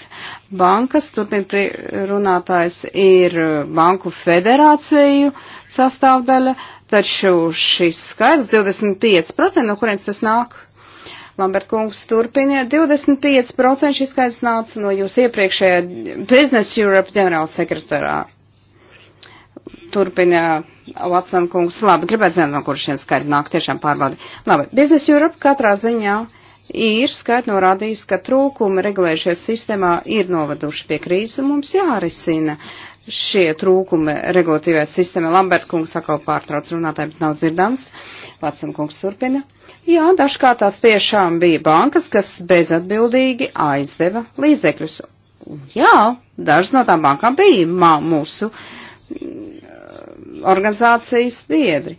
Bankas, turpina runātājs, ir banku federāciju sastāvdaļa, taču šis skaidrs 25%, no kurienes tas nāk? Lambert kungs turpina, 25% šis skaidrs nāca no jūs iepriekšējā Business Europe ģenerāla sekretārā turpina Vatsana kungs. Labi, gribētu zināt, no kurš šiem skaidri nāk tiešām pārbaudi. Labi, Business Europe katrā ziņā ir skaidri norādījis, ka trūkumi regulējušies sistēmā ir novaduši pie krīzes un mums jārisina šie trūkumi regulatīvajā sistēmā. Lambert kungs atkal pārtrauc runātāji, bet nav dzirdams. Vatsana kungs turpina. Jā, dažkārt tās tiešām bija bankas, kas bezatbildīgi aizdeva līdzekļus. Jā, dažas no tām bankām bija mā, mūsu uh, organizācijas biedri.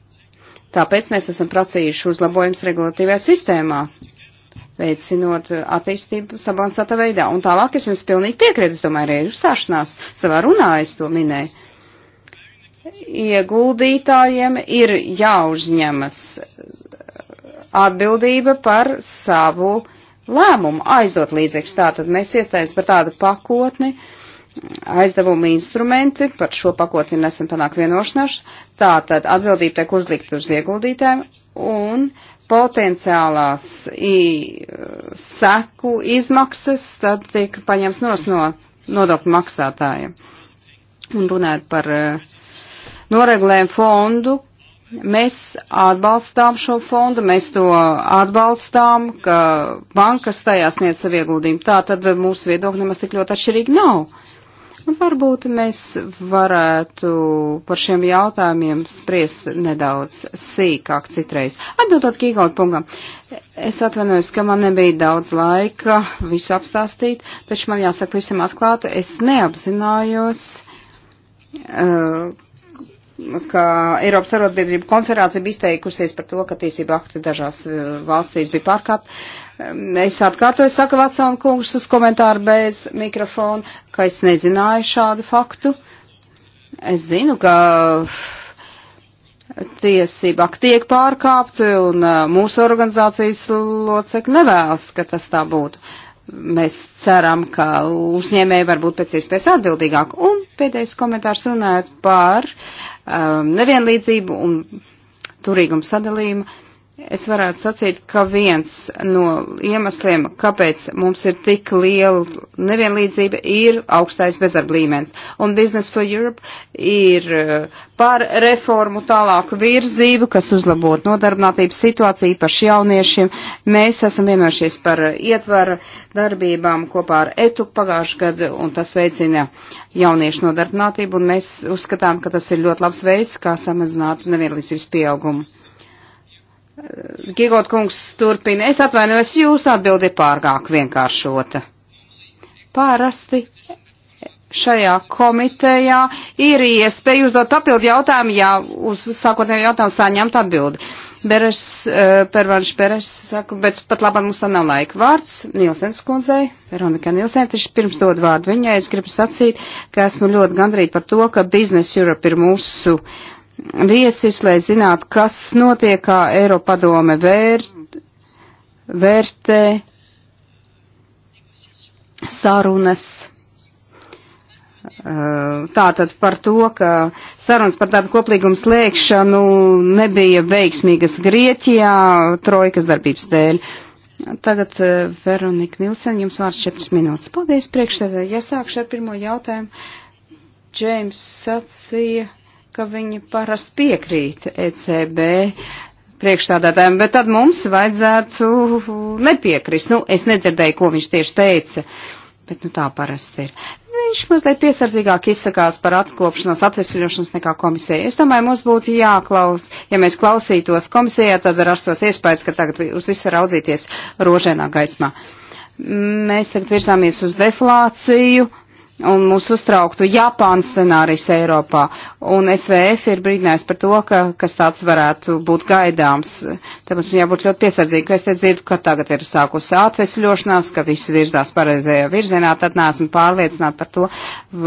Tāpēc mēs esam prasījuši uzlabojums regulatīvajā sistēmā, veicinot uh, attīstību sabalansētā veidā. Un tālāk es jums pilnīgi piekrītu, es domāju, arī uzstāšanās savā runā es to minēju. Ieguldītājiem ir jāuzņemas uh, atbildība par savu lēmumu aizdot līdzekļus. Tātad mēs iestājamies par tādu pakotni, uh, aizdevumi instrumenti, par šo pakoti nesam panākt vienošanos, tātad atbildība tiek uzlikta uz ieguldītēm un potenciālās i, seku izmaksas tad tiek paņems nos no nodokļu maksātājiem. Un runājot par e, noregulējumu fondu, mēs atbalstām šo fondu, mēs to atbalstām, ka bankas tajā sniedz savu ieguldījumu. Tā tad mūsu viedokļi nemaz tik ļoti atšķirīgi nav. Nu, varbūt mēs varētu par šiem jautājumiem spriest nedaudz sīkāk citreiz. Atbildot Kīgaut pungam, es atvainojos, ka man nebija daudz laika visu apstāstīt, taču man jāsaka visam atklāti, es neapzinājos, uh, ka Eiropas arotbiedrība konferācija bija izteikusies par to, ka tiesība akti dažās uh, valstīs bija pārkāpta Es atkārtoju, saka Vatsona kungs uz komentāru bez mikrofona, ka es nezināju šādu faktu. Es zinu, ka tiesība tiek pārkāpta un uh, mūsu organizācijas locekļi nevēlas, ka tas tā būtu. Mēs ceram, ka uzņēmēji var būt pēc iespējas atbildīgāk. Un pēdējais komentārs runājot par um, nevienlīdzību un turīgumu sadalījumu Es varētu sacīt, ka viens no iemesliem, kāpēc mums ir tik liela nevienlīdzība, ir augstais bezdarba līmenis. Un Business for Europe ir eh, par reformu tālāku virzību, kas uzlabot nodarbinātības situāciju īpaši jauniešiem. Mēs esam vienojušies par ietvaru darbībām kopā ar ETU pagājušajā gadu, un tas veicina jauniešu nodarbinātību, un mēs uzskatām, ka tas ir ļoti labs veids, kā samazināt nevienlīdzības pieaugumu. Gigot kungs turpina. Es atvainojos, jūs atbildi pārgāk vienkāršota. Parasti šajā komitejā ir iespēja uzdot papildu jautājumu, ja uz sākotnējo jautājumu saņemt atbildi. Beres, uh, pervanš Beres, saku, bet pat labāk mums tā nav laika vārds. Nilsens kundzei, Veronika Nilsen, taču pirms dod vārdu viņai, es gribu sacīt, ka esmu ļoti gandrīt par to, ka Business Europe ir mūsu uh, viesis, lai zinātu, kas notiek, kā Eiropadome vērt, vērtē sarunas. Uh, tātad par to, ka sarunas par tādu koplīgumu slēgšanu nebija veiksmīgas Grieķijā trojkas darbības dēļ. Tagad uh, Veronika Nilsen, jums vārds 4 minūtes. Paldies priekšstādā. Ja sākšu ar pirmo jautājumu, Džeims sacīja ka viņi parasti piekrīt ECB priekšstādātājiem, bet tad mums vajadzētu nepiekrist. Nu, es nedzirdēju, ko viņš tieši teica, bet nu tā parasti ir. Viņš mazliet piesardzīgāk izsakās par atkopšanos, atvesļošanos nekā komisija. Es domāju, mums būtu jāklaus, ja mēs klausītos komisijā, tad rastos iespējas, ka tagad uz visu raudzīties rožēnā gaismā. Mēs tagad virzāmies uz deflāciju, un mūs uztrauktu Japānas scenārijs Eiropā. Un SVF ir brīdinājis par to, ka, kas tāds varētu būt gaidāms. Tāpēc viņam jābūt ļoti piesardzīgi, ka es te dzirdu, ka tagad ir sākusi atvesļošanās, ka viss virzās pareizajā virzienā, tad neesmu pārliecināta par to,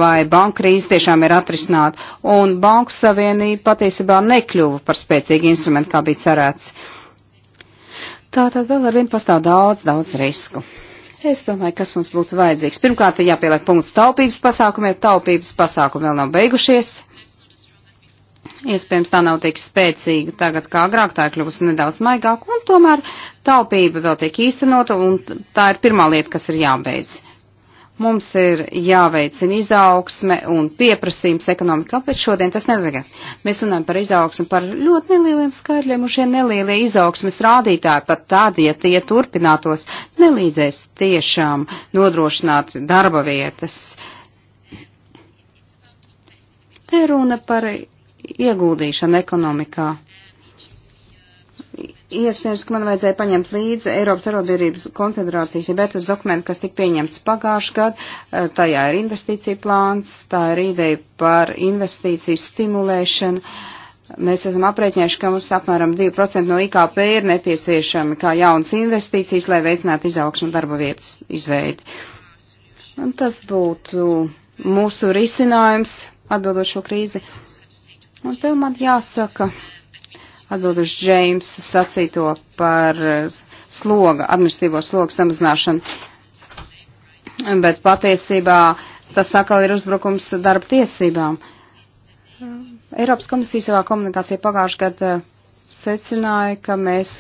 vai banka krīze tiešām ir atrisināta. Un banku savienība patiesībā nekļuva par spēcīgu instrumentu, kā bija cerēts. Tātad vēl ar vienu pastāv daudz, daudz risku. Es domāju, kas mums būtu vajadzīgs. Pirmkārt, jāpieliek punkts taupības pasākumiem. Taupības pasākumi vēl nav beigušies. Iespējams, tā nav tik spēcīga tagad kā agrāk, tā ir kļuvusi nedaudz maigāka, un tomēr taupība vēl tiek īstenota, un tā ir pirmā lieta, kas ir jābeidz. Mums ir jāveicina izaugsme un pieprasījums ekonomika. Kāpēc šodien tas nedarīt? Mēs runājam par izaugsmi, par ļoti nelieliem skaidriem, un šie nelielie izaugsmes rādītāji pat tad, ja tie turpinātos, nelīdzēs tiešām nodrošināt darba vietas. Te runa par ieguldīšanu ekonomikā. Iespējams, ka man vajadzēja paņemt līdzi Eiropas Arodbiedrības konfederācijas, ja bet uz dokumentu, kas tika pieņemts pagājušajā gadā, eh, tajā ir investīcija plāns, tā ir ideja par investīciju stimulēšanu. Mēs esam aprēķinājuši, ka mums apmēram 2% no IKP ir nepieciešami kā jaunas investīcijas, lai veicinātu izaugsmu darba vietas izveidi. Un tas būtu mūsu risinājums atbildot šo krīzi. Un vēl man jāsaka, Atbilduši Džeims sacīto par eh, sloga, administratīvo slogu samazināšanu. Bet patiesībā tas atkal ir uzbrukums darba tiesībām. Eiropas komisija savā komunikācijā pagājušajā gadā eh, secināja, ka mēs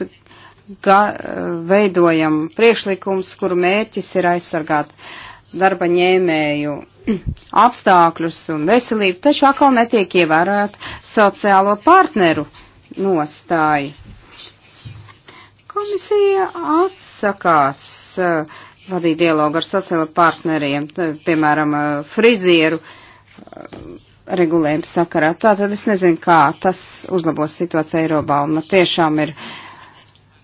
ga, eh, veidojam priekšlikums, kuru mērķis ir aizsargāt darba ņēmēju apstākļus un veselību, taču atkal netiek ievērot sociālo partneru uh, nostāja. Komisija atsakās uh, vadīt dialogu ar sociāla partneriem, tā, piemēram, uh, frizieru uh, regulējumu sakarā. Tātad es nezinu, kā tas uzlabos situāciju Eiropā, un man tiešām ir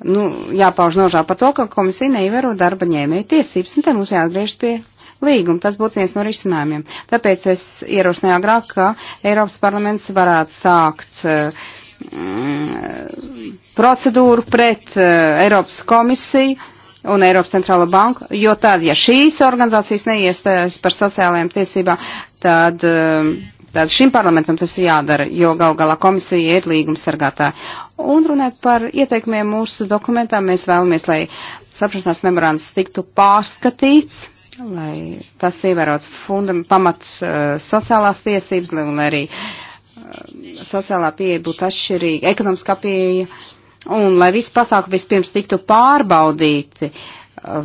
nu, jāpauž nožēl par to, ka komisija neievēro darba ņēmēju tiesības, un te mums jāatgriež pie līguma. Tas būtu viens no risinājumiem. Tāpēc es ierosināju agrāk, ka Eiropas parlaments varētu sākt uh, procedūru pret eh, Eiropas komisiju un Eiropas centrālo banku, jo tad, ja šīs organizācijas neiestājas par sociālajām tiesībām, tad, eh, tad šim parlamentam tas ir jādara, jo gal galā komisija ir līguma sargātāja. Un runāt par ieteikumiem mūsu dokumentā, mēs vēlamies, lai saprašanās memorands tiktu pārskatīts, lai tas ievērot fundam, pamat uh, sociālās tiesības un arī uh, sociālā pieeja būtu atšķirīga, ekonomiskā pieeja, un lai visi pasākumi vispirms tiktu pārbaudīti,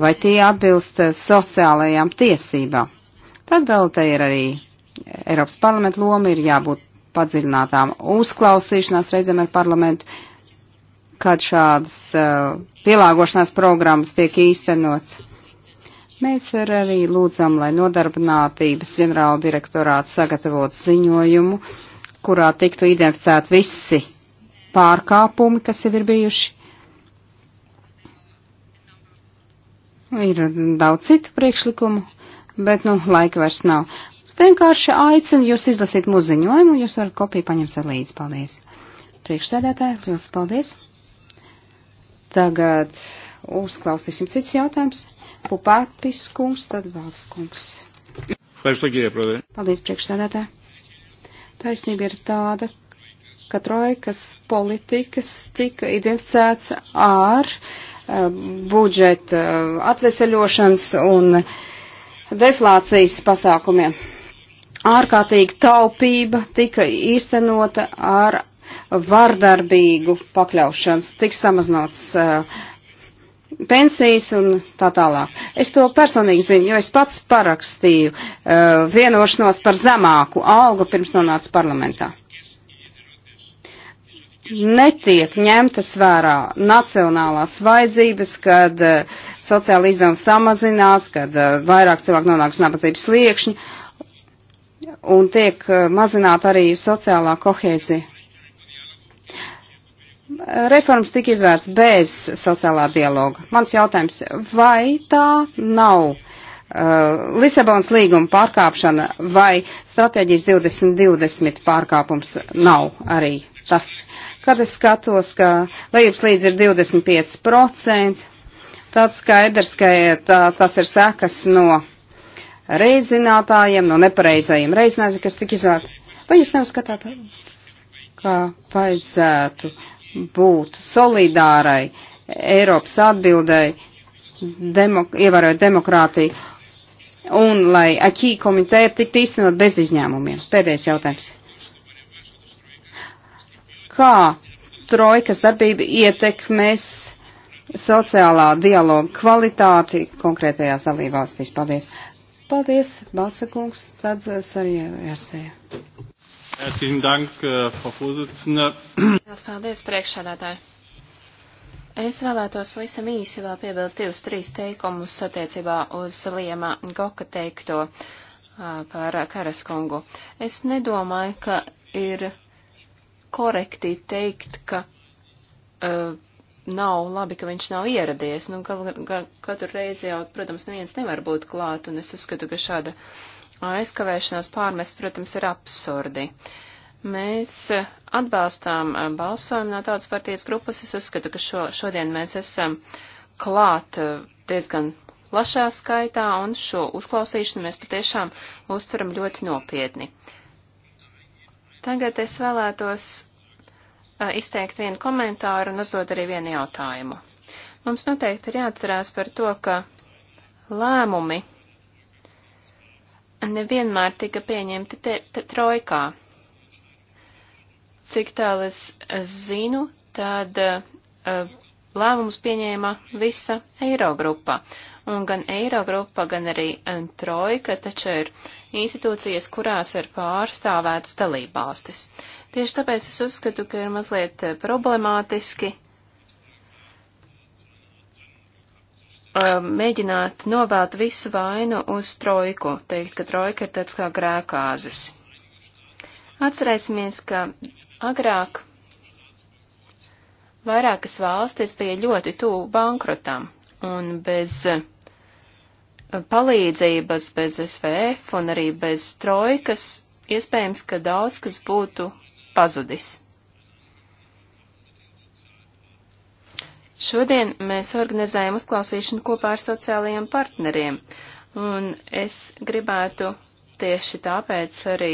vai tie atbilst sociālajām tiesībām. Tad vēl te ir arī Eiropas parlamenta loma, ir jābūt padziļinātām uzklausīšanās reizēm ar parlamentu, kad šādas uh, pielāgošanās programmas tiek īstenots. Mēs ar arī lūdzam, lai nodarbinātības ģenerāla direktorāts sagatavot ziņojumu kurā tiktu identificēti visi pārkāpumi, kas jau ir bijuši. Ir daudz citu priekšlikumu, bet, nu, laika vairs nav. Vienkārši aicinu jūs izlasīt mūsu ziņojumu, jūs varat kopiju paņemt sev līdzi. Paldies. Priekšsēdētāji, liels paldies. Tagad uzklausīsim cits jautājums. Pupāpis kungs, tad valsts kungs. Paldies, priekšsēdētāji. Taisnība ir tāda, ka trojkas politikas tika identificēts ar uh, budžeta uh, atveseļošanas un deflācijas pasākumiem. Ārkārtīga taupība tika īstenota ar vardarbīgu pakļaušanas, tik samazināts uh, pensijas un tā tālāk. Es to personīgi zinu, jo es pats parakstīju uh, vienošanos par zemāku algu pirms nonāca parlamentā. Netiek ņemtas vērā nacionālās vaidzības, kad uh, sociāla izdevuma samazinās, kad uh, vairāk cilvēku nonāk uz nabadzības sliekšņu un tiek uh, mazināta arī sociālā kohēzija reformas tika izvērsts bez sociālā dialoga. Mans jautājums, vai tā nav uh, Lisabonas līguma pārkāpšana vai stratēģijas 2020 pārkāpums nav arī tas? Kad es skatos, ka lejups līdz ir 25%, tad skaidrs, ka tā, tas ir sekas no reizinātājiem, no nepareizajiem reizinājumiem, kas tika izvērti. Vai jūs neuzskatāt, ka vajadzētu uh, būt solidārai Eiropas atbildēji, demok ievērojot demokrātiju, un lai akī komitēja tiktu īstenot bez izņēmumiem. Pēdējais jautājums. Kā trojkas darbība ietekmēs sociālā dialoga kvalitāti konkrētajās dalībvalstīs? Paldies! Paldies, Balsakungs, tad eh, Sarjēra Jasēja. Herzlichen Dank, äh, Frau Vorsitzende. Lielas paldies, priekšsādātāji. Es vēlētos visam īsi vēl piebilst divus, trīs teikumus attiecībā uz Liema Goka teikto par Karaskungu. Es nedomāju, ka ir korekti teikt, ka uh, nav labi, ka viņš nav ieradies. Nu, gal, gal, katru reizi jau, protams, neviens nevar būt klāt, un es uzskatu, ka šāda aizkavēšanās pārmest, protams, ir absurdi. Mēs atbalstām eh, balsojumu no tādas partijas grupas. Es uzskatu, ka šo, šodien mēs esam klāt eh, diezgan plašā skaitā, un šo uzklausīšanu mēs patiešām uztveram ļoti nopietni. Tagad es vēlētos eh, izteikt vienu komentāru un uzdot arī vienu jautājumu. Mums noteikti ir jāatcerās par to, ka lēmumi nevienmēr tika pieņemti te, te trojkā. Cik tālu es zinu, tad uh, eh, lēmums pieņēma visa Eirogrupa. Un gan Eirogrupa, gan arī eh, Trojka taču ir institūcijas, kurās ir pārstāvētas dalībvalstis. Tieši tāpēc es uzskatu, ka ir mazliet eh, problemātiski um, mēģināt novelt visu vainu uz trojku, teikt, ka trojka ir tāds kā grēkāzes. Atcerēsimies, ka agrāk vairākas valstis bija ļoti tuvu bankrotam, un bez uh, palīdzības, bez SVF un arī bez trojkas iespējams, ka daudz kas būtu pazudis. Šodien mēs organizējam uzklausīšanu kopā ar sociālajiem partneriem, un es gribētu tieši tāpēc arī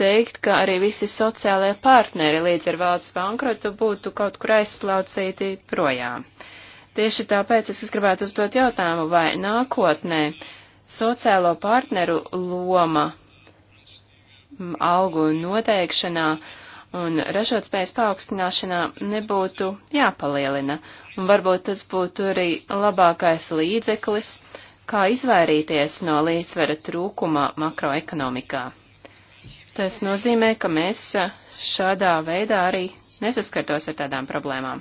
teikt, ka arī visi sociālajie partneri līdz ar valsts bankrotu būtu kaut kur aizslaucīti projām. Tieši tāpēc es gribētu uzdot jautājumu, vai nākotnē sociālo partneru loma algu noteikšanā uh, un ražotspējas paaugstināšanā nebūtu jāpalielina, un varbūt tas būtu arī labākais līdzeklis, kā izvairīties no līdzsvera trūkuma makroekonomikā. Tas nozīmē, ka mēs šādā veidā arī nesaskartos ar tādām problēmām.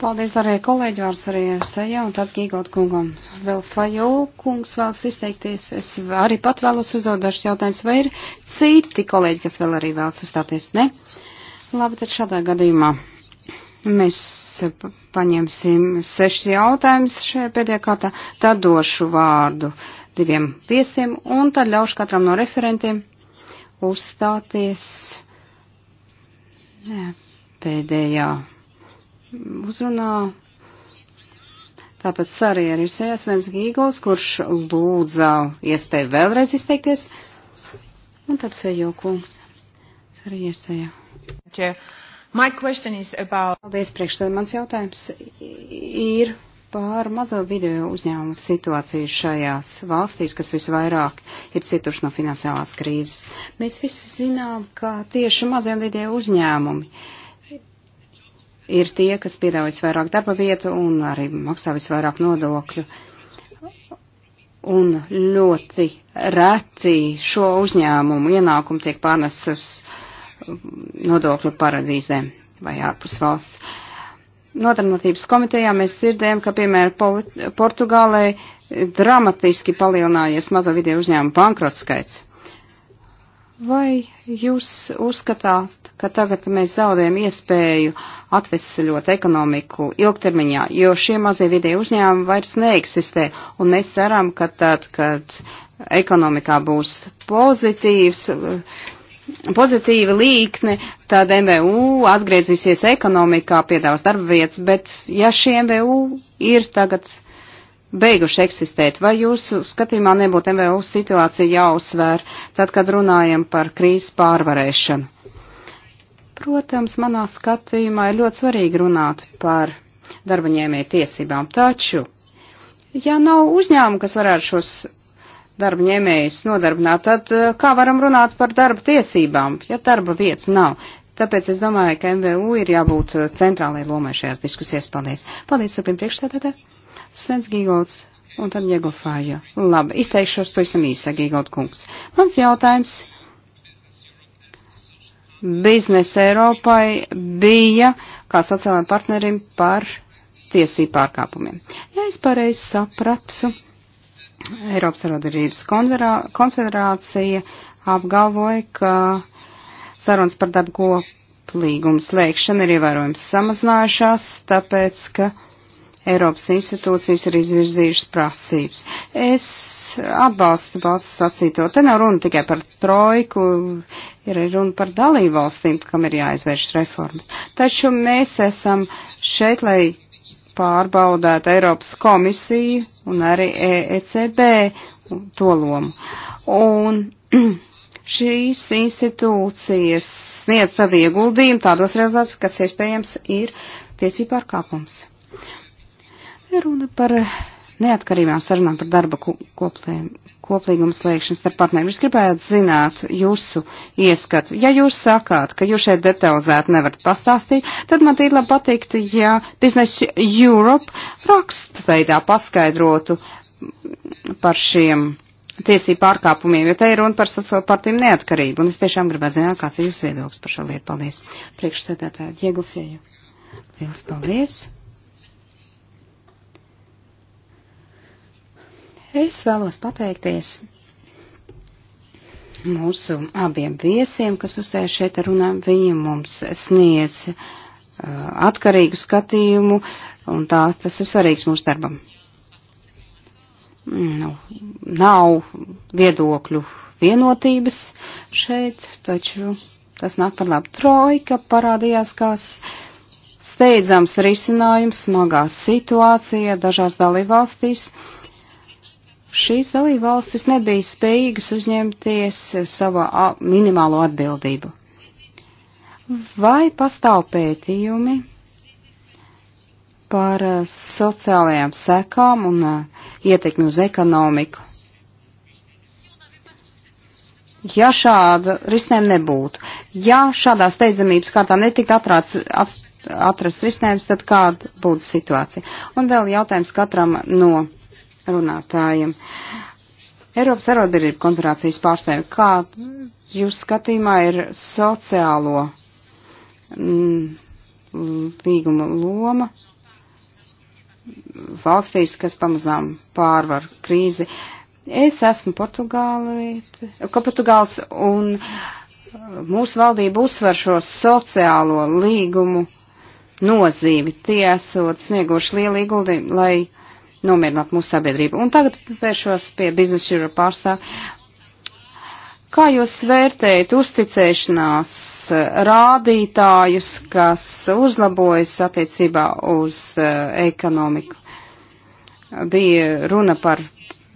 Paldies arī kolēģi vārds arī Sejā un tad Gīgot kungam. Vēl Fajo kungs vēlas izteikties. Es arī pat vēlos uzdot dažus jautājumus. Vai ir citi kolēģi, kas vēl arī vēlas uzstāties? Ne? Labi, tad šādā gadījumā mēs paņemsim sešas jautājumus šajā pēdējā kārtā. Tad došu vārdu diviem viesiem un tad ļaušu katram no referentiem uzstāties. Jā, pēdējā uzrunā. Tātad sarieris Jāsvens Gīgols, kurš lūdza iespēju vēlreiz izteikties. Un tad Fejo kungs. Sarieris tajā. About... Paldies, priekšstādā. Mans jautājums ir par mazo video uzņēmumu situāciju šajās valstīs, kas visvairāk ir cietuši no finansiālās krīzes. Mēs visi zinām, ka tieši mazie video uzņēmumi. Uh, ir tie, kas piedāvā visvairāk darba vietu un arī maksā visvairāk nodokļu. Un ļoti reti šo uzņēmumu ienākumu tiek pārnes uz nodokļu paradīzēm vai ārpus valsts. Nodarbinātības komitejā mēs dzirdējam, ka, piemēram, Portugālē dramatiski palielinājies mazo video uzņēmumu bankrotu skaits. Vai jūs uzskatāt, ka tagad mēs zaudējam iespēju atvesaļot ekonomiku ilgtermiņā, jo šie mazie vidēji uzņēmumi vairs neeksistē, un mēs ceram, ka tad, kad ekonomikā būs pozitīvs, pozitīva līkne, tad MVU atgriezīsies ekonomikā, piedāvās darba vietas, bet ja šie MVU ir tagad beiguši eksistēt. Vai jūsu skatījumā nebūtu MVU situācija jāuzsver, tad, kad runājam par krīzes pārvarēšanu? Protams, manā skatījumā ir ļoti svarīgi runāt par darbaņēmē tiesībām, taču, ja nav uzņēmuma, kas varētu šos darba ņēmējus nodarbināt, tad eh, kā varam runāt par darba tiesībām, ja darba vieta nav? Tāpēc es domāju, ka MVU ir jābūt eh, centrālajai lomai šajās diskusijās. Paldies. Paldies, turpin priekšstādātāji. Svens Gīgolds un tad Jegofāja. Labi, izteikšos pavisam īsā Gīgold kungs. Mans jautājums biznesa Eiropai bija kā sociālajiem partnerim par tiesību pārkāpumiem. Ja es pareizi sapratu, Eiropas Sarodarības konfederācija apgalvoja, ka sarunas par darbu koplīgumu slēgšanu ir ievērojams samazinājušās, tāpēc, ka Eiropas institūcijas ir izvirzījušas prasības. Es atbalstu valsts sacīto. Te nav runa tikai par trojku, ir runa par dalību valstīm, kam ir jāizvērš reformas. Taču mēs esam šeit, lai pārbaudētu Eiropas komisiju un arī ECB e to lomu. Un šīs institūcijas sniedz savu ieguldījumu tādos rezultātus, kas iespējams ir tiesība pārkāpums. Ir runa par eh, neatkarībām sarunām par darba koplēm, koplīgumu slēgšanu starp partneriem. Es gribētu zināt jūsu ieskatu. Ja jūs sakāt, ka jūs šeit detalizēti nevarat pastāstīt, tad man tīri labi patiktu, ja Business Europe rakstveidā paskaidrotu par šiem tiesību pārkāpumiem, jo te ir runa par sociālo partiju neatkarību, un es tiešām gribētu zināt, kāds ir jūsu viedoklis par šo lietu. Paldies. Priekšsēdētāji, Diegu Fieju. Lielas paldies. Es vēlos pateikties mūsu abiem viesiem, kas uzstāja šeit runā. Viņi mums sniedz uh, atkarīgu skatījumu, un tā tas ir svarīgs mūsu darbam. Nu, nav viedokļu vienotības šeit, taču tas nāk par labu. Trojka parādījās kā steidzams risinājums smagā situācijā dažās dalībvalstīs. valstīs šīs dalībvalstis nebija spējīgas uzņemties savu minimālo atbildību. Vai pastāv pētījumi par sociālajām sekām un ietekmi uz ekonomiku? Ja šāda risinājuma nebūtu, ja šādā steidzamības kārtā netika atrāts, at, atrast risinājums, tad kāda būtu situācija? Un vēl jautājums katram no runātājiem. Eiropas arodbiedrība konferencijas pārstāvi, kā jūs skatījumā ir sociālo m, mm, līguma loma valstīs, kas pamazām pārvar krīzi? Es esmu Portugāls un uh, mūsu valdība uzsver šo sociālo līgumu nozīmi. Tie esot snieguši lielu ieguldījumu, lai nomierināt mūsu sabiedrību. Un tagad vēršos pie Business Europe pārstāv. Kā jūs vērtējat uzticēšanās eh, rādītājus, kas uzlabojas attiecībā uz eh, ekonomiku? Bija runa par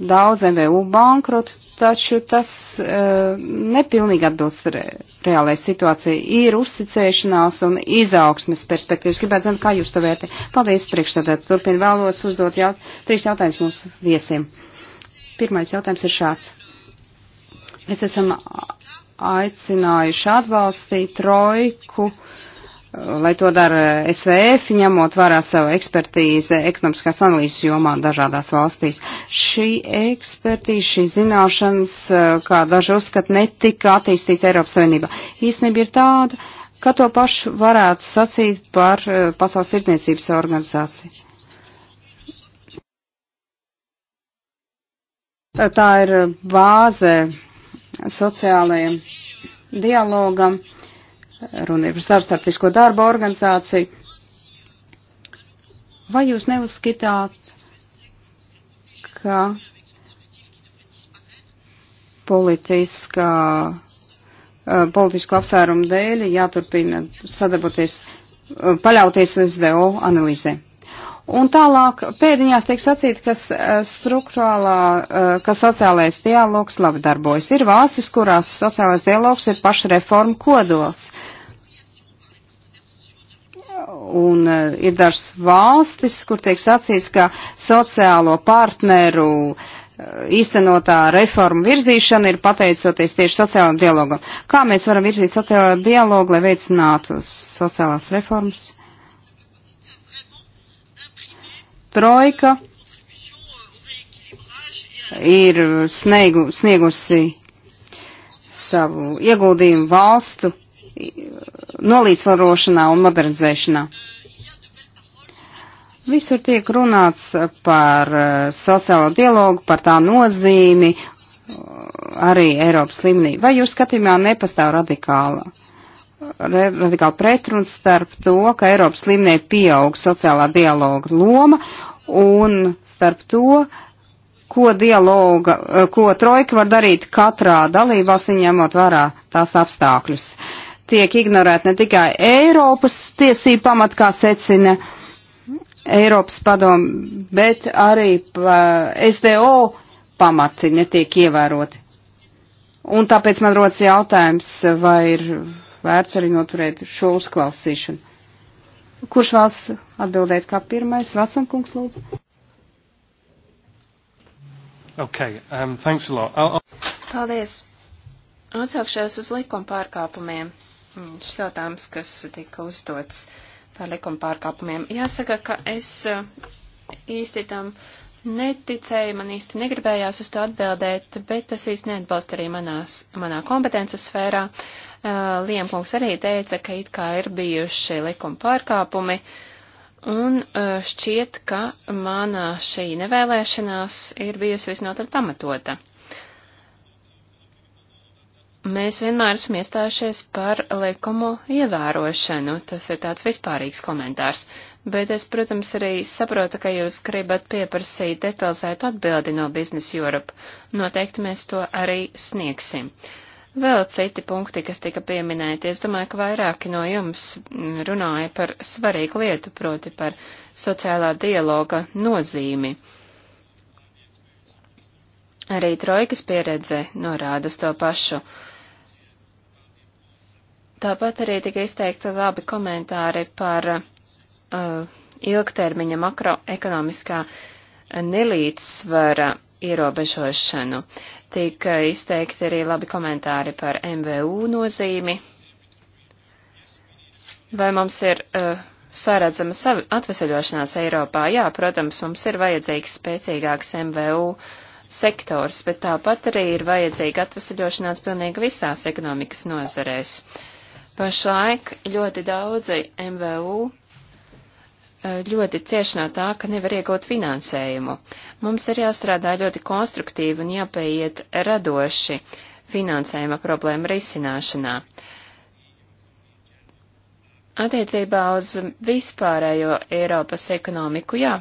daudz MVU bankrotu, taču tas uh, nepilnīgi atbilst re, reālajai situācijai. Ir uzticēšanās un izaugsmes perspektīvas. Gribētu zināt, kā jūs to vērtē. Paldies, priekšsēdēt. Turpin vēlos uzdot jaut trīs jautājumus mūsu viesiem. Pirmais jautājums ir šāds. Mēs esam aicinājuši atbalstīt trojku. Uh, lai to dara SVF, ņemot vērā savu ekspertīzi ekonomiskās analīzes jomā dažādās valstīs. Šī ekspertīze, šī zināšanas, eh, kā daži uzskat, netika attīstīts Eiropas Savienībā. Īstenība ir tāda, ka to pašu varētu sacīt par eh, Pasaules tirdzniecības organizāciju. Tā ir bāze sociālajiem dialogam. Uh, Runa ir par starptautisko darba organizāciju. Vai jūs neuzskatāt, ka politiskā, politisko apsvērumu dēļ jāturpina sadarboties, paļauties uz DO analīzēm? Un tālāk pēdiņās tiek sacīt, kas eh, struktūrālā, eh, ka sociālais dialogs labi darbojas. Ir valstis, kurās sociālais dialogs ir pašreforma kodols. Un eh, ir dažas valstis, kur tiek sacīts, ka sociālo partneru īstenotā reforma virzīšana ir pateicoties tieši sociālajam dialogam. Kā mēs varam virzīt sociālo dialogu, lai veicinātu sociālās reformas? trojka ir sniegu, sniegusi savu ieguldījumu valstu nolīdzvarošanā un modernizēšanā. Visur tiek runāts par eh, sociālo dialogu, par tā nozīmi eh, arī Eiropas līmenī. Vai jūs skatījumā nepastāv radikāla radikāli pretruns starp to, ka Eiropas līmenī pieaug sociālā dialoga loma un starp to, ko dialoga, eh, ko trojka var darīt katrā dalībvalstī ņemot vērā tās apstākļus. Tiek ignorēt ne tikai Eiropas tiesība pamat, kā secina Eiropas padomu, bet arī eh, SDO pamati netiek ievēroti. Un tāpēc man rodas jautājums, vai ir vērts arī noturēt šo uzklausīšanu. Kurš vēlas atbildēt kā pirmais? Vatsankungs, lūdzu. Okay, um, thanks a lot. I'll, I'll... Paldies. Atsaukšos uz likuma pārkāpumiem. Mm, šis jautājums, kas tika uzdots par likuma pārkāpumiem. Jāsaka, ka es uh, īsti tam neticēju, man īsti negribējās uz to atbildēt, bet tas īsti neatbalst arī manās, manā kompetences sfērā. Uh, Liemkungs arī teica, ka it kā ir bijuši likuma pārkāpumi, un uh, šķiet, ka mana šī nevēlēšanās ir bijusi visnotaļ pamatota. Mēs vienmēr esam iestājušies par liekumu ievērošanu. Tas ir tāds vispārīgs komentārs. Bet es, protams, arī saprotu, ka jūs gribat pieprasīt detalizētu atbildi no Business Europe. Noteikti mēs to arī sniegsim. Vēl citi punkti, kas tika pieminēti. Es domāju, ka vairāki no jums runāja par svarīgu lietu, proti par sociālā dialoga nozīmi. Arī trojkas pieredze norāda uz to pašu. Uh, Tāpat arī tika izteikti labi komentāri par uh, ilgtermiņa makroekonomiskā nelīdzsvara ierobežošanu. Tika izteikti arī labi komentāri par MVU nozīmi. Vai mums ir uh, sāredzama savi atveseļošanās Eiropā? Jā, protams, mums ir vajadzīgs spēcīgāks MVU sektors, bet tāpat arī ir vajadzīga atveseļošanās pilnīgi visās ekonomikas nozarēs. Uh, Pašlaik ļoti daudzi MVU eh, ļoti cieši no tā, ka nevar iegūt finansējumu. Mums ir jāstrādā ļoti konstruktīvi un jāpieiet radoši finansējuma problēma risināšanā. Attiecībā uz vispārējo Eiropas ekonomiku, jā,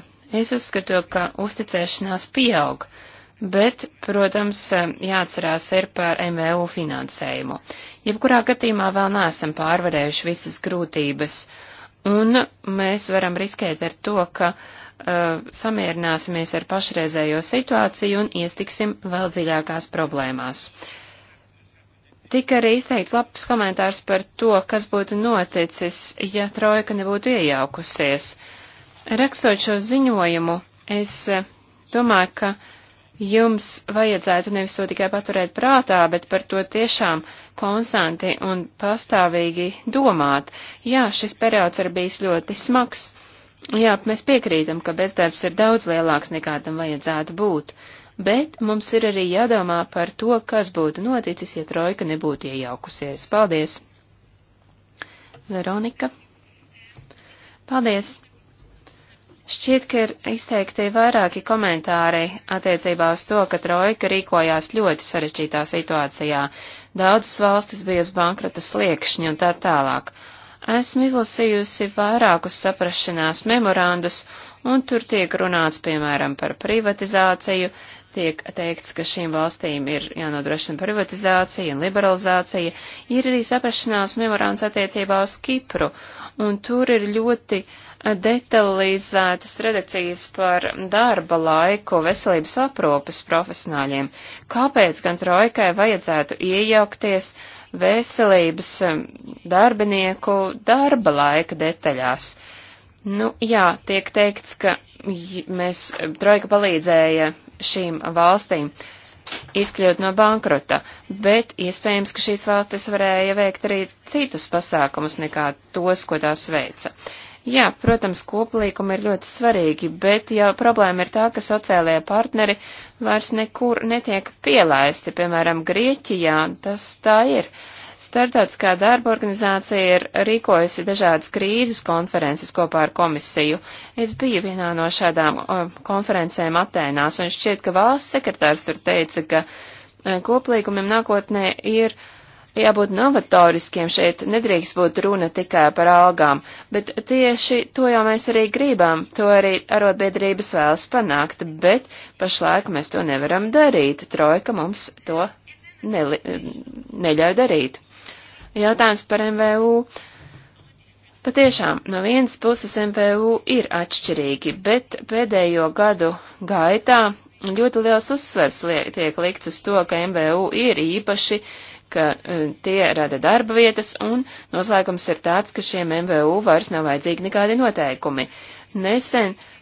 es uzskatu, ka uzticēšanās pieaug. Uh, bet, protams, jāatcerās ir par MVU finansējumu. Jebkurā gadījumā vēl neesam pārvarējuši visas grūtības, un mēs varam riskēt ar to, ka uh, samierināsimies ar pašreizējo situāciju un iestiksim vēl dziļākās problēmās. Tika arī izteikts labs komentārs par to, kas būtu noticis, ja trojka nebūtu iejaukusies. Rakstot šo ziņojumu, es uh, domāju, ka uh, jums vajadzētu nevis to tikai paturēt prātā, bet par to tiešām konstanti un pastāvīgi domāt. Jā, šis periods ir bijis ļoti smags. Jā, mēs piekrītam, ka bezdarbs ir daudz lielāks nekā tam vajadzētu būt, bet mums ir arī jādomā par to, kas būtu noticis, ja trojka nebūtu iejaukusies. Paldies! Veronika. Paldies! Šķiet, ka ir izteikti vairāki komentāri attiecībā uz to, ka Trojka rīkojās ļoti sarežģītā situācijā. Daudzas valstis bija uz bankrota sliekšņa un tā tālāk. Esmu izlasījusi vairākus saprašanās memorandus, un tur tiek runāts, piemēram, par privatizāciju, tiek teikts, ka šīm valstīm ir jānodrošina privatizācija un liberalizācija, ir arī saprašanās memorands attiecībā uz Kipru, un tur ir ļoti detalizētas redakcijas par darba laiku veselības aprūpes profesionāļiem. Kāpēc gan trojkai vajadzētu iejaukties veselības um, darbinieku darba laika detaļās? Nu, jā, tiek teikts, ka mēs trojka palīdzēja šīm valstīm izkļūt no bankrota, bet iespējams, ka šīs valstis varēja veikt arī citus pasākumus nekā tos, ko tās veica. Jā, protams, koplīkumi ir ļoti svarīgi, bet jau problēma ir tā, ka sociālajie partneri vairs nekur netiek pielaisti, piemēram, Grieķijā tas tā ir. Uh, Startautiskā darba organizācija ir rīkojusi dažādas krīzes konferences kopā ar komisiju. Es biju vienā no šādām konferencēm Atēnās, un šķiet, ka valsts sekretārs tur teica, ka e, koplīgumiem nākotnē ir jābūt novatoriskiem šeit, nedrīkst būt runa tikai par algām, bet tieši to jau mēs arī gribam, to arī arotbiedrības vēlas panākt, bet pašlaik mēs to nevaram darīt, trojka mums to ne, neļauj darīt. Jautājums par MVU. Patiešām, no vienas puses MVU ir atšķirīgi, bet pēdējo gadu gaitā ļoti liels uzsvers liek, tiek likts uz to, ka MVU ir īpaši, ka e, tie rada darba vietas, un noslēgums ir tāds, ka šiem MVU vairs nav vajadzīgi nekādi noteikumi. Nesen uh,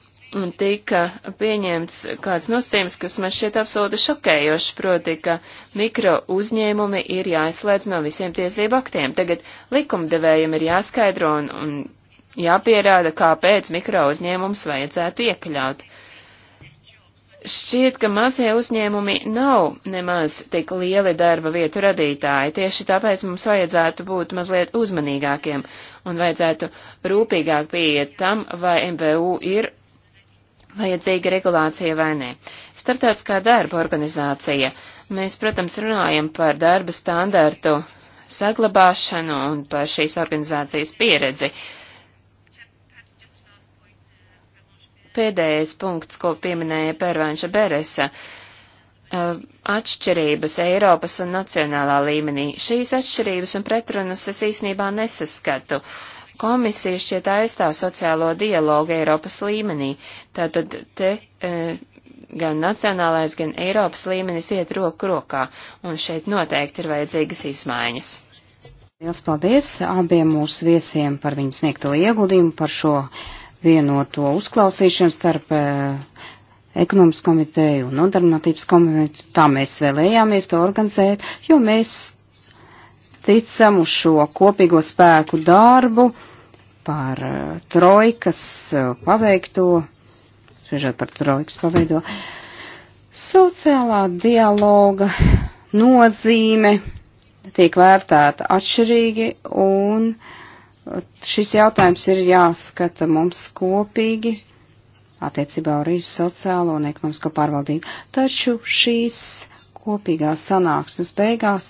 tika pieņemts kāds nosacījums, kas man šķiet absolūti šokējošs, proti, ka mikro uzņēmumi ir jāizslēdz no visiem tiesību aktiem. Tagad likumdevējiem ir jāskaidro un, un jāpierāda, kāpēc mikro uzņēmums vajadzētu iekļaut. Šķiet, ka mazie uzņēmumi nav nemaz tik lieli darba vietu radītāji, tieši tāpēc mums vajadzētu būt mazliet uzmanīgākiem un vajadzētu rūpīgāk pieiet tam, vai MVU ir vajadzīga regulācija vai nē. Startautiskā darba organizācija. Mēs, protams, runājam par darba standartu saglabāšanu un par šīs organizācijas pieredzi. Pēdējais punkts, ko pieminēja Pērvāņša Beresa eh, atšķirības Eiropas un nacionālā līmenī. Šīs atšķirības un pretrunas es īsnībā nesaskatu. Uh, Komisija šķiet aizstāv sociālo dialogu Eiropas līmenī, tātad te e, gan nacionālais, gan Eiropas līmenis iet roku rokā, un šeit noteikti ir vajadzīgas izmaiņas. Liels paldies abiem mūsu viesiem par viņu sniegto ieguldījumu, par šo vienoto uzklausīšanu starp e, ekonomikas komiteju un nodarbinātības komiteju. Tā mēs vēlējāmies to organizēt, jo mēs ticam uz šo kopīgo spēku darbu, par eh, trojkas eh, paveikto, spriežot par trojkas paveikto, sociālā dialoga nozīme tiek vērtēta atšķirīgi un šis jautājums ir jāskata mums kopīgi attiecībā arī sociālo un ekonomisko pārvaldību. Taču šīs kopīgās sanāksmes beigās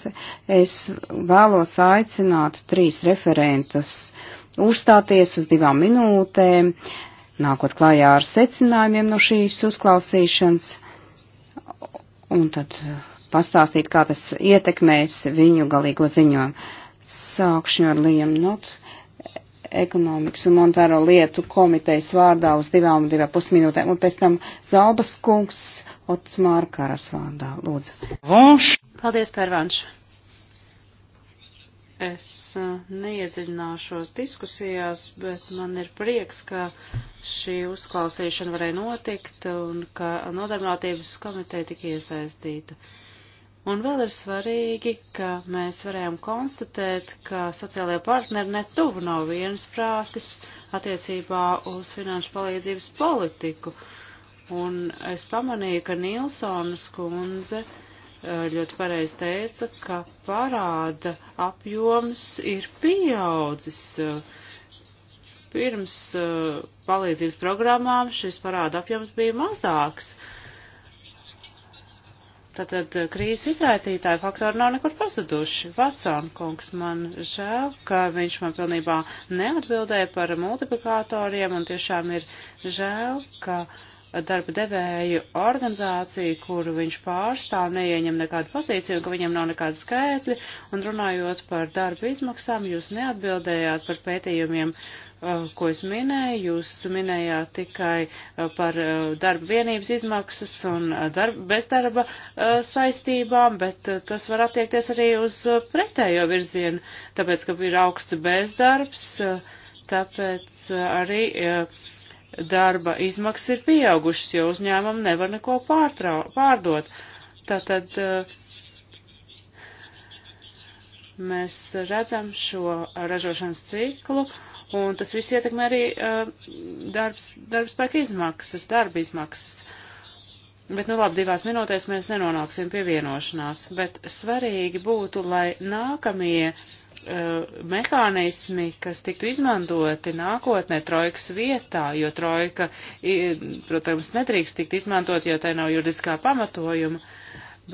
es vēlos aicināt trīs referentus uzstāties uz divām minūtēm, nākot klājā ar secinājumiem no šīs uzklausīšanas, un tad pastāstīt, kā tas ietekmēs viņu galīgo ziņojumu. Sākšu ar Liam Not, ekonomikas un monetāro lietu komitejas vārdā uz divām, divām pusminūtēm, un pēc tam Zalbas kungs Otsmāra Karas vārdā. Lūdzu. Vanš. Paldies, Pērvanš. Es eh, neiedziļināšos diskusijās, bet man ir prieks, ka šī uzklausīšana varēja notikt un ka nodarbinātības komiteja tika iesaistīta. Uh, Un vēl ir svarīgi, ka mēs varējām konstatēt, ka sociālajie partneri netuvu nav viensprātis attiecībā uz finanšu palīdzības politiku. Un es pamanīju, ka Nilsonas kundze e, ļoti pareizi teica, ka parāda apjoms ir pieaudzis pirms uh, palīdzības programmām šis parāda apjoms bija mazāks, Tātad eh, krīzes izraisītāji faktori nav nekur pazuduši. Vatsona kungs man žēl, ka viņš man pilnībā neatbildēja par multiplikatoriem un tiešām ir žēl, ka uh, darba devēju organizāciju, kuru viņš pārstāv, neieņem nekādu pozīciju, ka viņam nav nekāda skaitļa, un runājot par darba izmaksām, jūs neatbildējāt par pētījumiem, uh, ko es minēju, jūs minējāt tikai uh, par uh, darba vienības izmaksas un darba, bezdarba saistībām, bet tas var attiekties arī uz pretējo virzienu, tāpēc, ka ir augsts bezdarbs, tāpēc arī. Uh, darba izmaksas ir pieaugušas, jo uzņēmumi nevar neko pārtrau, pārdot. Tātad eh, mēs redzam šo ražošanas ciklu, un tas viss ietekmē arī eh, darbs, darbspēka izmaksas, darba izmaksas. Bet, nu labi, divās minūtēs mēs nenonāksim pie vienošanās, bet svarīgi būtu, lai nākamie Eh, mehānismi, kas tiktu izmantoti nākotnē trojkas vietā, jo trojka, protams, nedrīkst tikt izmantot, jo tai nav juridiskā pamatojuma,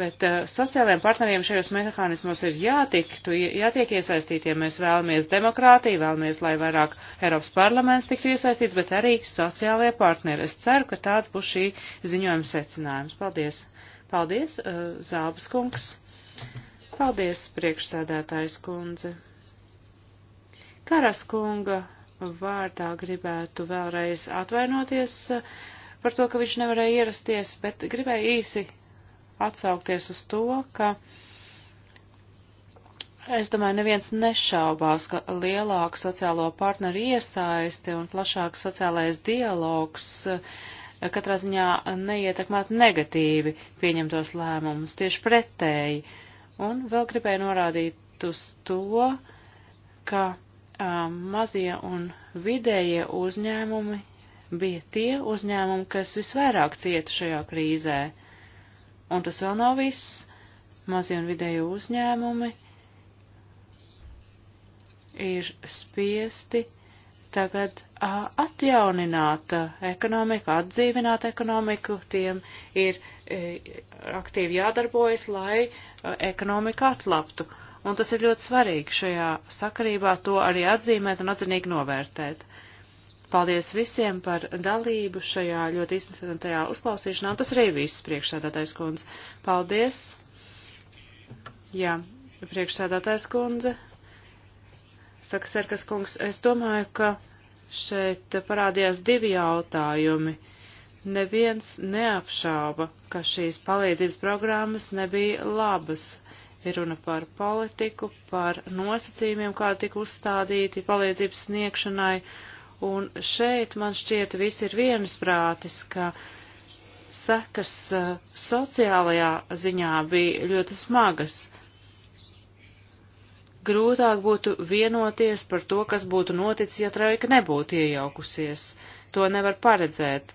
bet uh, sociālajiem partneriem šajos mehānismos ir jātiktu, jātiek iesaistītiem. Mēs vēlamies demokrātiju, vēlamies, lai vairāk Eiropas parlaments tiktu iesaistīts, bet arī sociālajie partneri. Es ceru, ka tāds būs šī ziņojuma secinājums. Paldies! Paldies, uh, Zābas kungs! Paldies, priekšsēdētājs kundze. Karaskunga vārdā gribētu vēlreiz atvainoties eh, par to, ka viņš nevarēja ierasties, bet gribēju īsi atsaukties uz to, ka es domāju, neviens nešaubās, ka lielāka sociālo partneru iesaisti un plašāks sociālais dialogs eh, katrā ziņā neietekmētu negatīvi pieņemtos lēmumus, tieši pretēji. Uh, Un vēl gribēju norādīt uz to, ka a, mazie un vidējie uzņēmumi bija tie uzņēmumi, kas visvairāk cieta šajā krīzē. Un tas vēl nav viss. Mazie un vidēji uzņēmumi ir spiesti tagad atjaunināt ekonomiku, atdzīvināt ekonomiku, tiem ir aktīvi jādarbojas, lai ekonomika atlaptu. Un tas ir ļoti svarīgi šajā sakarībā to arī atzīmēt un atzinīgi novērtēt. Paldies visiem par dalību šajā ļoti interesantajā uzklausīšanā. Tas arī viss priekšsēdētais kundze. Paldies! Jā, priekšsēdētais kundze saka Serkas kungs, es domāju, ka šeit parādījās divi jautājumi. Neviens neapšāba, ka šīs palīdzības programmas nebija labas. Ir runa par politiku, par nosacījumiem, kā tika uzstādīti palīdzības sniegšanai, un šeit man šķiet viss ir viensprātis, ka sekas eh, sociālajā ziņā bija ļoti smagas grūtāk būtu vienoties par to, kas būtu noticis, ja trojka nebūtu iejaukusies. To nevar paredzēt.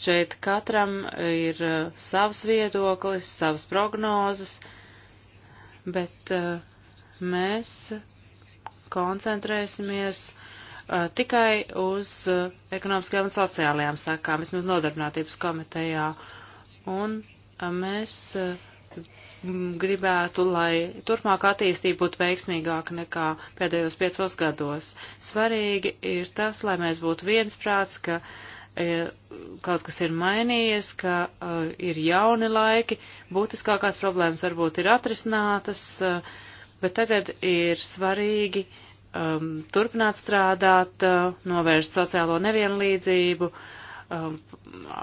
Šeit katram ir eh, savs viedoklis, savas prognozes, bet eh, mēs koncentrēsimies eh, tikai uz ekonomiskajām un sociālajām sakām, vismaz nodarbinātības komitejā. Un mēs Mm, gribētu, lai turpmāk attīstība būtu veiksmīgāka nekā pēdējos piecos gados. Svarīgi ir tas, lai mēs būtu viensprāts, ka e, kaut kas ir mainījies, ka e, ir jauni laiki, būtiskākās problēmas varbūt ir atrisinātas, e, bet tagad ir svarīgi um, turpināt strādāt, uh, novērst sociālo nevienlīdzību, um,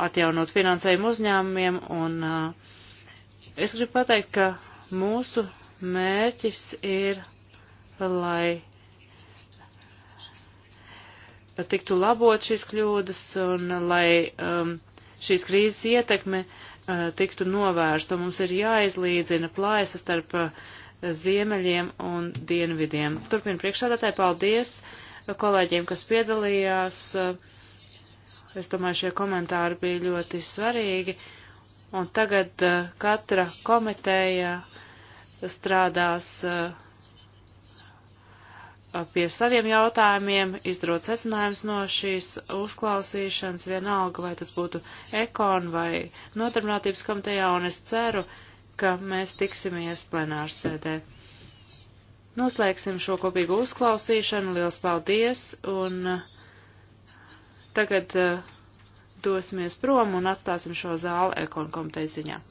atjaunot finansējumu uzņēmumiem un uh, Es gribu pateikt, ka mūsu mērķis ir, lai tiktu labot šīs kļūdas un lai um, šīs krīzes ietekme uh, tiktu novērsta. Mums ir jāizlīdzina plājas starp uh, ziemeļiem un dienvidiem. Turpin priekšādātāji, paldies kolēģiem, kas piedalījās. Uh, es domāju, šie komentāri bija ļoti svarīgi. Uh, Un tagad uh, katra komiteja strādās uh, pie saviem jautājumiem, izdarot secinājumus no šīs uzklausīšanas, vienalga vai tas būtu ekon vai notarbinātības komitejā, un es ceru, ka mēs tiksimies plenārs sēdē. Noslēgsim šo kopīgu uzklausīšanu, liels paldies, un uh, tagad uh, dosimies prom un atstāsim šo zāli ekonkomiteja ziņā.